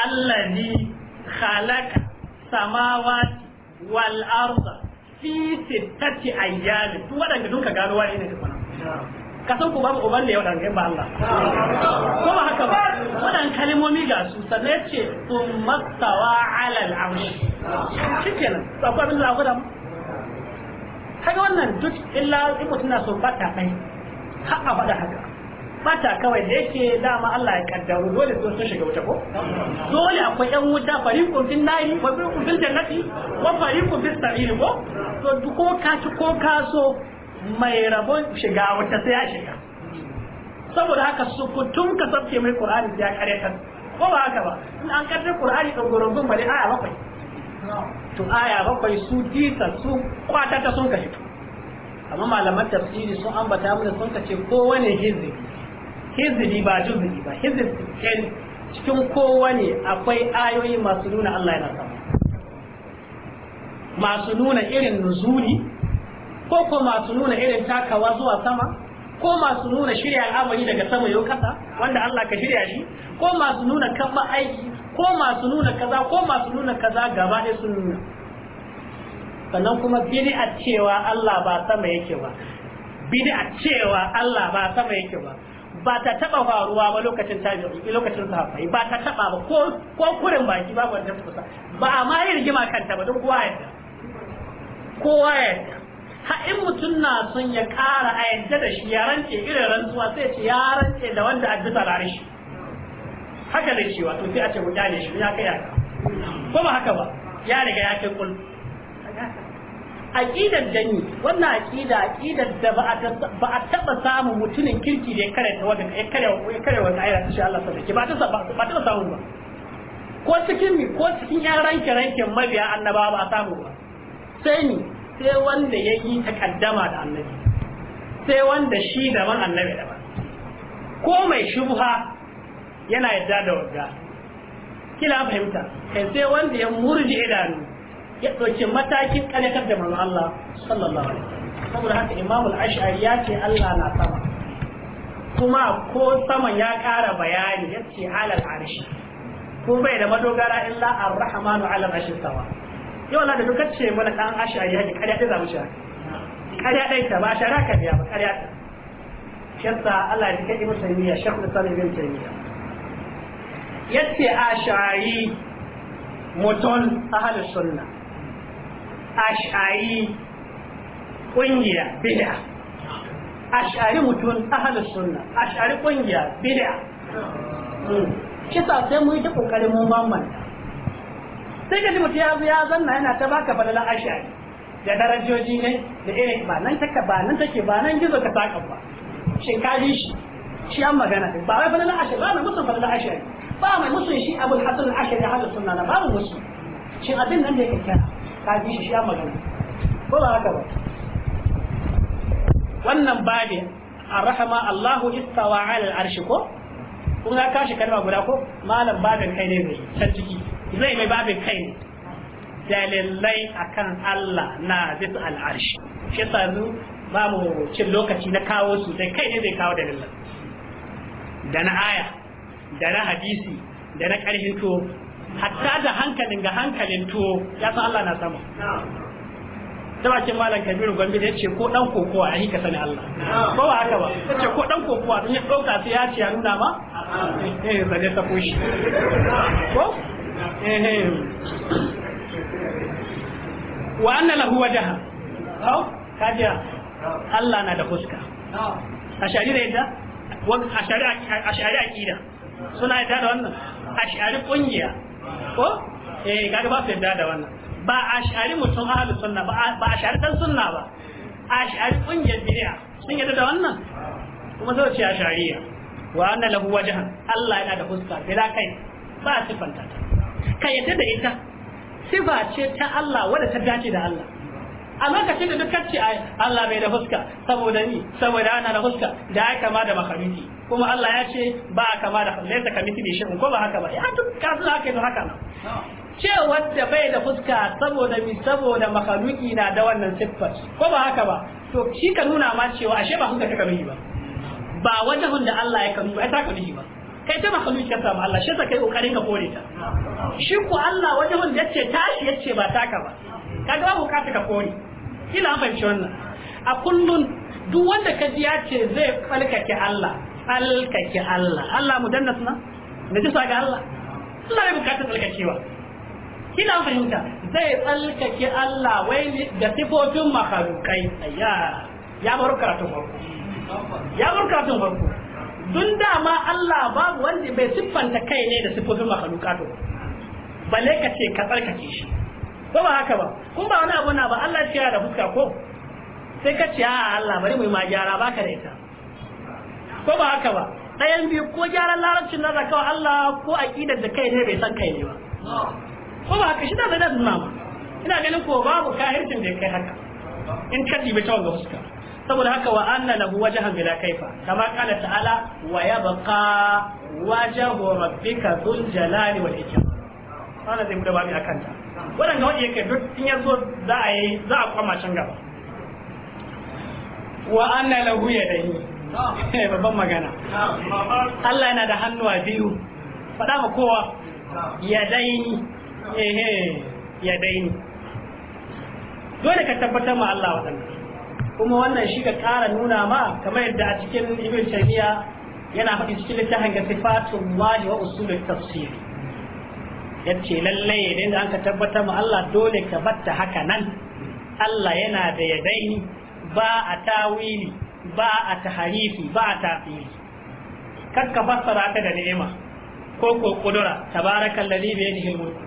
allazi khalaqa samawati wal arda fi sittati ayyamin duk wadanda duka gano wani ne kana ka ku babu uban da ya wadan ba Allah ko ba haka ba wadanda kalimomi ga su sannan ya ce sun mastawa alal arshi shikenan akwai abin da aka damu kaga wannan duk illa in mutum so ba ta kai har a faɗa haka Ba ta kawai da yake dama Allah ya kaddaru dole sun sun shiga wuta ko dole akwai yan wuta fariqun fil nari wa fariqun fil jannati wa fariqun fis sa'ir ko to ko ka ci ko ka so mai rabon shiga wata sai ya shiga saboda haka sukutun ka sabke mai qur'ani ya karyatar ko ba haka ba in an kaddar qur'ani da gurubun bari aya bakwai to aya bakwai su tita su kwata ta sun ka amma malaman tafsiri sun ambata mana sun ka ce kowane hizbi hizbi ba juzubi ba hizbi cikin kowane akwai ayoyi masu nuna Allah yana sama masu nuna irin nuzuli ko ko masu nuna irin takawa zuwa sama ko masu nuna shirya al'amari daga sama yau kasa wanda Allah ka shirya shi ko masu nuna kamba aiki ko masu nuna kaza ko masu nuna kaza gaba ɗaya sun nuna sannan kuma bid'a cewa Allah ba sama yake ba bid'a cewa Allah ba sama yake ba ba ta taba faruwa ba lokacin tabi'i lokacin sahabbai ba ta taba ba ko ko kurin baki ba wanda kusa ba amma yi rigima kanta ba duk kowa yadda kowa yadda ha in mutum na son ya ƙara a yadda da shi ya rance irin rantsuwa sai ce ya rance da wanda an bisa lare shi haka da cewa to sai a ce guda ne shi ya kai yaka ko ba haka ba ya riga ya kai kul aqidar dani wannan aqida aqidar da ba a taba samun mutumin kirki da ya ta wanda ya karanta ya wa wannan ayar insha Allah sabaki ba ta ba ta samu ba ko cikin mi ko cikin yaran kiran mabiya annaba ba a samu ba sai ni sai wanda ya yi takaddama da annabi sai wanda shi daban annabi daban ko mai shubha yana yadda da wadda kila fahimta kai sai wanda ya murji idanu ya ɗauki matakin ƙaryatar da manzo Allah sallallahu alaihi wasallam saboda haka Imam al-Ash'ari ya ce Allah na sama kuma ko sama ya ƙara bayani ya ce alal arshi ko bai da madogara illa ar-rahmanu ala al-arshi sama yau Allah da duk kace mana dan ashari yake kariya ɗaya za mu ci kariya ɗaya ta ba shara kan ya ba kariya ta shassa Allah ya kai ibn taymiya shekhu salih ibn taymiya yace ashari mutun ahlus sunna ashari ƙungiya bid'a ashari mutun ahlus sunna ashari ƙungiya bid'a hmm. shi sa sai mu yi ta kokarin mun bambanta sai ka ji mutum ya ya zanna yana ta baka balala ashari da darajoji ne da irin ba nan take ba nan take ba nan gizo ka saka ba shin ka ji shi shi an magana ba wai balala ashari ba mai musun balala ashari ba mai musu shi abul hasan ashari ya hada sunna na babu musu shin abin nan da yake kira ka ji shi shi an magana ko ba haka ba wannan babin arrahama Allahu istawa ala al ko kun ga kashi kalma guda ko malam babin kai ne zai can ciki zai mai babin kai ne dalilai akan Allah na bisa al'arshi shi yasa yanzu ba mu cin lokaci na kawo su sai kai ne zai kawo dalilan da na aya da na hadisi da na ƙarfin tuwo hatta da hankalin ga hankalin tuwo ya san Allah na sama Ta bakin malam kabiru gombe ya ce ko dan kokowa a hika sani Allah ko ba haka ba ta ce ko dan kokowa sun ya ɗauka sai ya ce ya nuna ba eh zane ta koshi ko Eh. wa anna lahu wajaha, au kaja Allah na da fuska a ashari da yadda a ashari akida suna yadda da wannan a ashari kungiya ko eh kaga ba su yadda da wannan ba a ashari mutum ahlus sunna ba a ashari dan sunna ba a ashari kungiyar bid'a sun yadda da wannan kuma sai ce ashariya wa anna lahu wajaha Allah yana da fuska bila kai ba sifanta ta ka yadda da ita sifa ce ta Allah wadda ta dace da Allah a lokacin da duk kacce Allah bai da fuska saboda ni saboda ana da fuska da ya kama da makamiti kuma Allah ya ce ba a kama da laisa kamiti bi shirin ko ba haka ba ya duk kasu haka yanzu haka nan cewar da bai da fuska saboda mi saboda makaluki na da wannan siffar ko ba haka ba to shi ka nuna ma cewa ashe ba fuska ta kamili ba ba wajahun da Allah ya kamili ba ya ta kamili ba kai ta makhluki samu Allah shi kai kokarin ka kore ta shi Allah wani wanda yace tashi yace ba taka ba kaga ba ka kore kila an fahimci wannan a kullun duk wanda ka ji yace zai falkake Allah falkake Allah Allah ji Allah falkakewa kila an fahimta zai falkake Allah wai da sifofin makhlukai ayya ya baro karatun farko ya karatun farko dun dama Allah babu wanda bai siffanta kai ne da siffofin makhluqatu balle ka ce ka tsarkake shi ko ba haka ba kun ba wani abu na ba Allah ce da fuska ko sai ka ce a Allah bari mu yi ma gyara baka da ita ko ba haka ba ɗayan biyu ko gyaran larabcin na zakawa Allah ko aƙidar da kai ne bai san kai ne ba ko ba haka shi da zai da zuma ba ina ganin ko babu kahircin da kai haka in kaddi bai ta wanga fuska saboda haka wa anna lahu wajhan bila kaifa kama qala ta'ala wa yabqa wajhu rabbika dhul jalali wal ikram wannan zai bude bi akan ta wannan ga wani yake duk in yazo za a yi za a kwama can gaba wa anna lahu yadayni eh, babban magana Allah yana da hannuwa biyu faɗa ma kowa yadayni ehe yadayni dole ka tabbatar ma Allah waɗannan kuma wannan shi ka ƙara nuna ma kamar yadda a cikin ibn taymiya yana faɗi cikin littafin ga sifatun wajiba usulul tafsir yace lalle idan an ka tabbatar ma Allah dole ka batta haka nan Allah yana da yadaini ba a tawili ba a taharifi ba a tafili kakka fassara ta da ni'ima ko ko kudura tabarakallazi bi yadihi mulk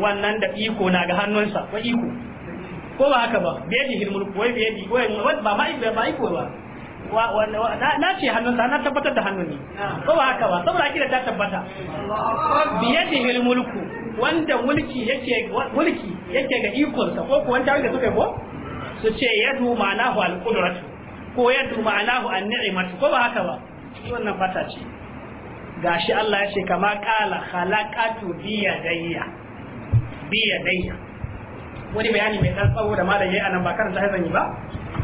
wannan da iko na ga hannunsa ko iko ko ba haka ba biyadi hilmul wai biyadi wai ba mai ba mai ko ba wa wa na ce hannunsa na tabbatar da hannun ne ko ba haka ba saboda akida ta tabbata biyadi hilmulku wanda mulki yake mulki yake ga ikonsa ko ko wanda yake suka ko su ce yadu ma'anahu al qudrat ko yadu ma'anahu an nimat ko ba haka ba wannan fata ce gashi Allah ya ce kama kala khalaqatu biyadayya biyadayya wani bayani mai dan tsawo da malam yayi anan ba karanta zan yi ba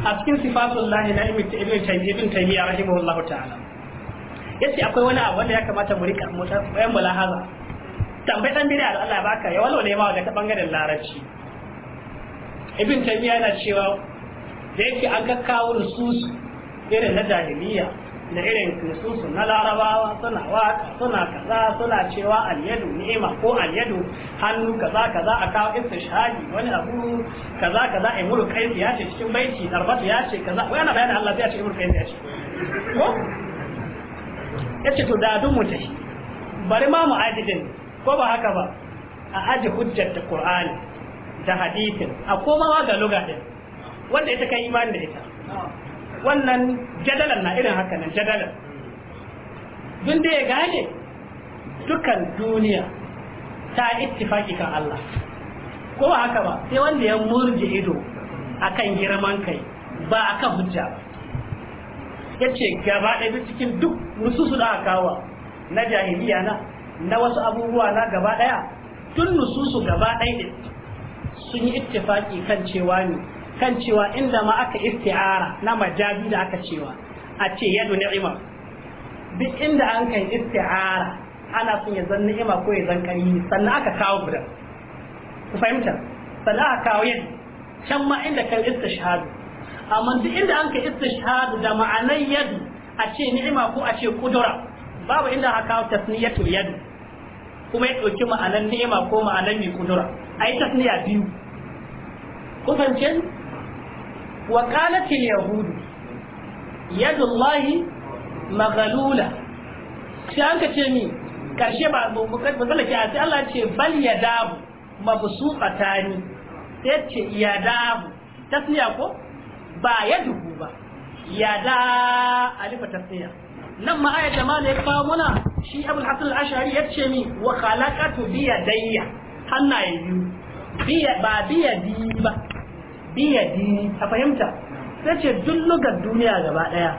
a cikin sifatul lahi na ibn taymiyyah ibn taymiyyah rahimahullah ta'ala yace akwai wani abu wanda ya kamata mu rika mu bayan haza? tambayi dan bid'a Allah ya baka ya walwale ma daga bangaren larabci ibn taymiyyah yana cewa da yake an ga kawo nusus irin na jahiliya da irin kristosu na larabawa suna waka suna kaza suna cewa alyadu ni'ima ko alyadu hannu kaza kaza a kawo shahadi wani abu kaza kaza ai mulu kai ya ce cikin baiti darbatu ya ce kaza wai ana bayanin Allah ya ce mulu kai ya ce ko yace to da dun mutai bari ma mu ajidin ko ba haka ba a aji hujjar da Qur'ani da hadisin a komawa ga lugadin wanda ita kai imani da ita wannan jadalan na irin haka nan jadalan dun da ya gane dukan duniya ta ittifaki kan Allah ko haka ba sai wanda ya murje ido akan girman kai ba akan hujja ba yace gaba ɗaya cikin duk nususu da aka na jahiliya na na wasu abubuwa na gaba ɗaya tun nususu gaba ɗaya sun yi ittifaki kan cewa ne kan cewa inda ma aka isti'ara na majazi da aka cewa a ce yadu ni'ima duk inda an kan isti'ara ana son ya zan ni'ima ko ya zan kari sannan aka kawo guda ku fahimta sannan aka kawo yadu can ma inda kan istishhadu amma duk inda an kan istishhadu da ma'anar yadu a ce ni'ima ko a ce kudura babu inda aka kawo tasniyatul yadu kuma ya ɗauki ma'anar ni'ima ko ma'anar mai kudura a yi tasniya biyu kun fahimce wa ya yahud yadullahi maghlula sai an ka ce ni karshe ba ba zalla ke sai Allah ce bal yadabu mabsuqatani sai ce yadabu tasniya ko ba yaduhu ba yada alifa tasniya nan ma ayat da mana ya kawo shi abul hasan ashari ya ce min wa khalaqatu bi yadayya hannaye biya ba biya bi ba biya dini a fahimta sai ce duk duniya gaba daya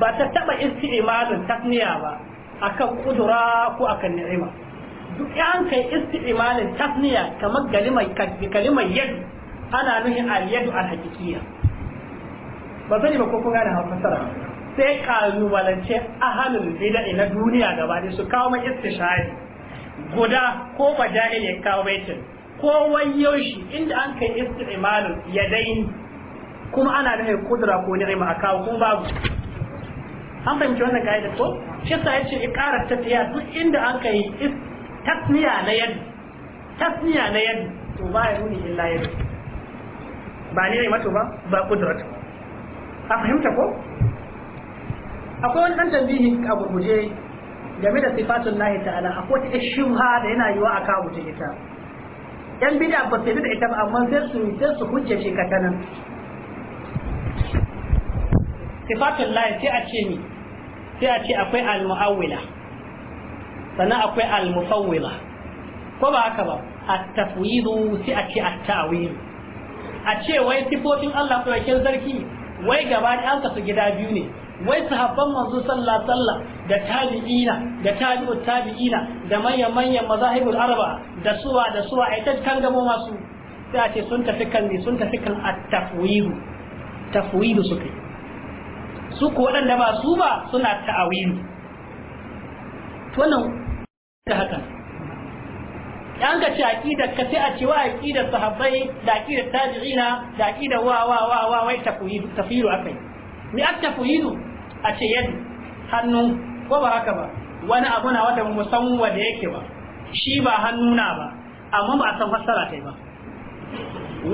ba ta taba isti'malin tasniya ba akan kudura ko akan ni'ima duk an kai isti'malin tasniya kamar kalimar kalimar yadu ana nuhin al-yadu al hakikiya ba zai ba ko kun gane fassara sai kalubalance ahalul bid'a ina duniya gaba da su kawo mai istishari guda ko baja'il ya kawo baitin ko wayo inda an kai istimalin yadaini kuma ana da kudura ko ni'ima a kawo kuma babu an fahimci wannan da ko shi sa yace ikarar tafiya duk inda an kai tasniya na yad tasniya na yad to ba ya nuni illa yad ba ni ne mato ba ba kudura a fahimta ko akwai wani dan tambihi a gurguje game da sifatun lahi ta'ala akwai wata shubha da yana yiwa a kawo ta ita yan bid'a ba su da ita ba amma sai su sai su hujja shi katanan sifatul lahi sai a ce ni sai a ce akwai al-mu'awwila sannan akwai al-mufawwila ko ba haka ba at-tafwidu sai a ce at-ta'wil a ce wai sifofin Allah ko yakin zarki wai gaba an kasu gida biyu ne wai sahabban manzo sallallahu alaihi wasallam da tabi'ina da tabi'ut tabi'ina da manyan manyan mazahibul arba da suwa da suwa ai ta kan gamo masu sai a ce sun tafi kan ne sun tafi kan at-tafwidu tafwidu suke su ko waɗanda ba su ba suna ta'awilu wannan da haka an ka ce aqidar ka sai a ce wa aqidar sahabbai da aqidar tabi'ina da aqidar wa wa wa wa wai tafwidu tafwidu akai ni at-tafwidu a ce yadda hannu ko ba haka ba wani abu na wata mu san wanda yake ba shi ba hannuna ba amma ba san fassara ta ba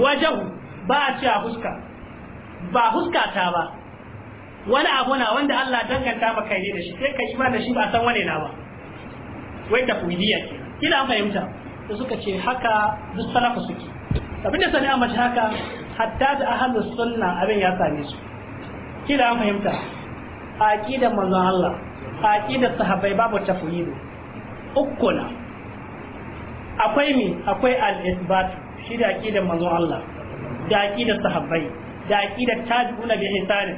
wajahu ba a ce a fuska ba huska ta ba wani abu na wanda Allah danganta kai ne da shi sai ka imani da shi ba san wane na ba wai ta kuidiya ke kila an fahimta da suka ce haka duk salafu suke abinda sani a mace haka hatta da ahlus sunna abin ya same su kila an fahimta aqidar manzon Allah aqidar sahabbai babu tafwidu ukkuna akwai mi akwai al-isbat shi da aqidar manzon Allah da aqidar sahabbai da aqidar tabi'una bi ihsan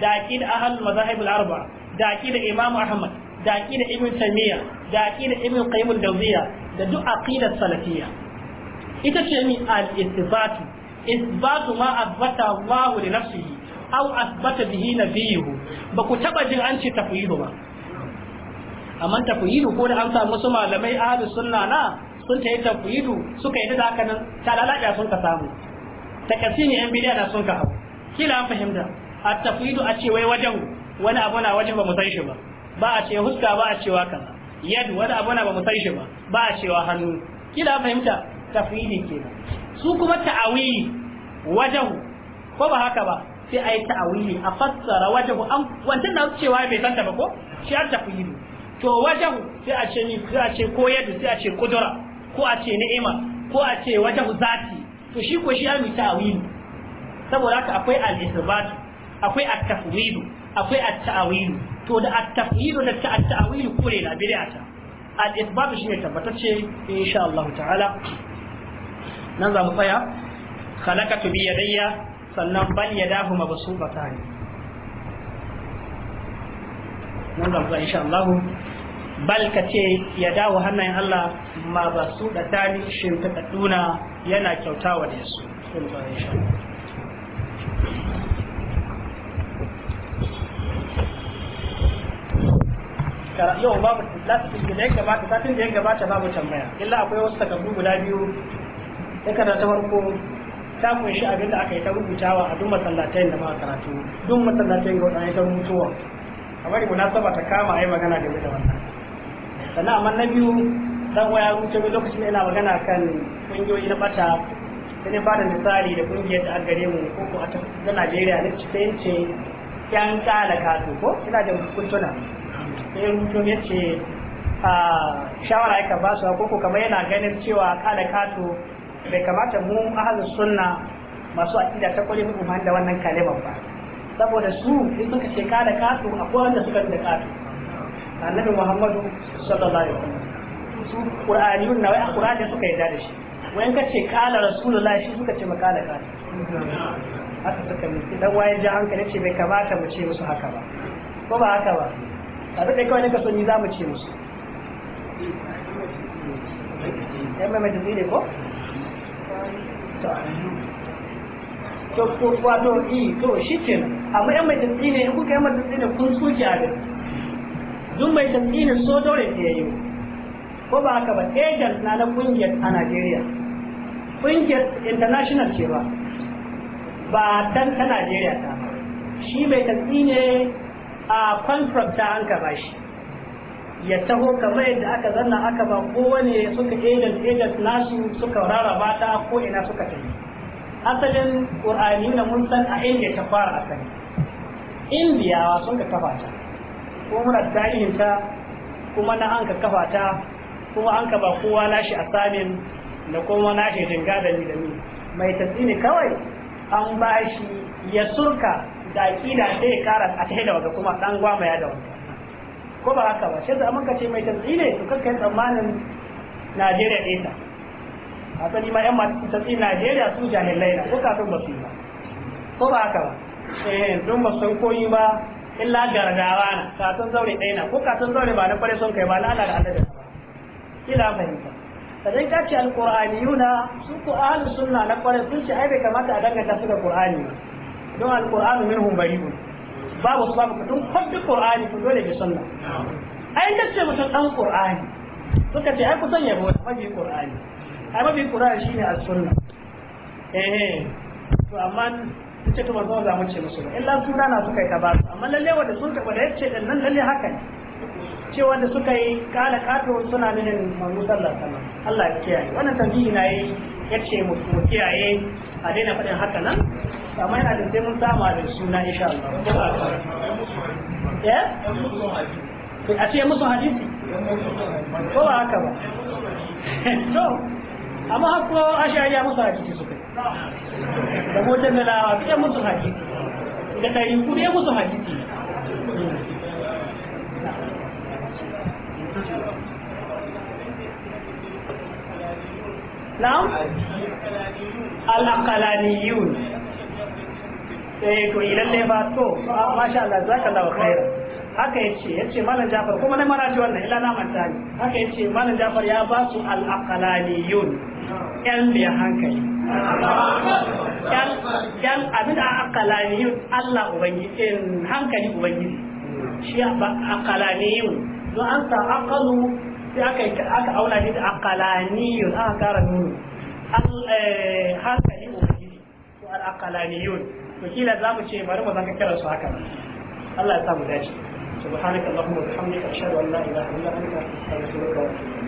da aqidar ahlul mazahib al-arba'a da aqidar imam ahmad da aqidar ibn taymiya da aqidar ibn qayyim al-jawziya da duk aqidar salafiyya ita ce mi al-isbat isbat ma athbata Allah li nafsihi aw athbata bihi nabiyuhu ba ku taba jin an ce tafwidu ba amma tafyidu ko da an samu su malamai ahli sunna na sun ta yi tafyidu suka yi da haka nan ta lalaja sun ka samu ta takasimi yan bidiya na sun ka hau kila an fahimta a tafyidu a ce wai wajen wani abu na wajen ba mu san shi ba ba a ce huska ba a cewa kaza yad wani abu na ba mu san shi ba ba a cewa hannu kila an fahimta tafyidi kenan su kuma ta'awili wajen ko ba haka ba sai a yi ta'awili a fassara wajen an wancan na cewa bai santa ba ko shi an tafyidu to wajahu sai a ce ni sai a ce ko yadda sai a ce kudura ko a ce ni'ima ko a ce wajahu zati to shi ko shi ya mita awilu saboda haka akwai al-isbat akwai at-tafwid akwai at-ta'wil to da at-tafwid da at-ta'wil kore na bid'ata al-isbat shi ne tabbatacce insha Allah ta'ala nan za mu tsaya khalaqatu bi yadayya sannan bal yadahu mabsuutatan nan za mu tsaya insha bal ka ce ya dawo hannayen Allah ma ba su da tani duna, yana kyautawa da su yau babu satin da ya gabata satin da ya gabata babu tambaya illa akwai wasu takardu guda biyu takarda ta farko ta kunshi shi abinda aka yi ta rubutawa a duk masallatai da ba karatu duk masallatai ga wadanda ta rubutuwa kamar munasaba ta kama ai magana game da wannan sannan amma na biyu dan waya wuce mai lokacin da ina magana kan kungiyoyi na bata sai ne bada misali da kungiyar da gare mu ko ko ta Najeriya ne cikin ce yan kala kato ko ina da kuntuna sai mutum ya ce a shawara ya ba su ko ko kamar yana ganin cewa kala kato bai kamata mu ahlus sunna masu aqida ta kware mu da wannan kalimar ba saboda su in suka ce kala kato akwai wanda suka da kato annabi muhammadu sallallahu alaihi wasallam su qur'aniyun na wai qur'ani suka yadda da shi wai in kace kala rasulullahi shi suka ce makala kala haka suka yi shi dan waye ji hankali ce bai kamata mu ce musu haka ba ko ba haka ba abin da kai ne ka so ni za mu ce musu yan mai mai ne ko to wato i to shi kenan amma yan mai ne in kuka yan mai ne kun suke a abin duk mai tamkinin so dole ne ya yi ko ba haka ba agent na na kungiyar a Najeriya kungiyar international ce ba ba dan ta Najeriya ta shi mai ne a contract ta an shi. shi ya taho kamar yadda aka zanna aka ba kowane suka agent agent nasu suka rarraba ta ko ina suka tafi asalin ƙur'ani na mun san a inda ta fara asali indiyawa sun ka kafa ta kuma muna tarihin ta kuma na an ka kafa ta kuma an ka ba kowa nashi samin, da kuma nashi jinga da ni da ni mai tasiri kawai an ba shi ya surka da aƙida sai kara a ta da wanda kuma dan gwamaya da wata. ko ba haka ba shi da amurka ce mai tasiri to kankan tsammanin najeriya ɗaya ta A sani ma yan masu tatsi najeriya su jahilai na ko kafin ba su yi ba ko ba haka ba eh don ba san koyi ba illa gargawa na katon zaure ɗaya na ko katon zaure ba na fare son kai ba na Allah da Allah da kila fahimta sai ka ce alqur'aniyuna su ku ahlu sunna na kware sun ce ai bai kamata a danganta su da qur'ani ba don alqur'anu minhum bari'un babu su babu kudin kwadda qur'ani ku dole bi sunna ai da ce mutum dan qur'ani suka ce ai ku sanya ba mabi qur'ani ai mabi qur'ani shine al sunna eh to amma ta ce to ba za mu ce musu ba la suna na suka yi ta ba amma lalle wanda sun ta da yace dan nan lalle haka ne ce wanda suka yi kala kato suna nan manzo sallallahu alaihi wasallam Allah ya kiyaye wannan tambayi na yi yace mu kiyaye a daina faɗin haka nan amma yana da sai mun samu da suna insha Allah eh a ce musu hadisi ko ba haka ba to amma hakko ashe ya musu hadisi su da hoton da lawa ya musu hadisi da tariku ya musu hadisi Na'am? Al-aqalaniyun. Eh to ilalle ba to ah, masha Allah za ka jazakallahu khairan. Haka yace yace Malam Jafar kuma na mara ji wannan illa na manta ne. Haka yace Malam Jafar ya ba su al Yan biya hankali. dan abin da Allah ubangiji hankali ubangiji shi don an akalu sai aka aka aula shi da aka kara eh, hankali ubangiji to kila za mu ce bari mu zaka kira su haka Allah ya samu dace سبحانك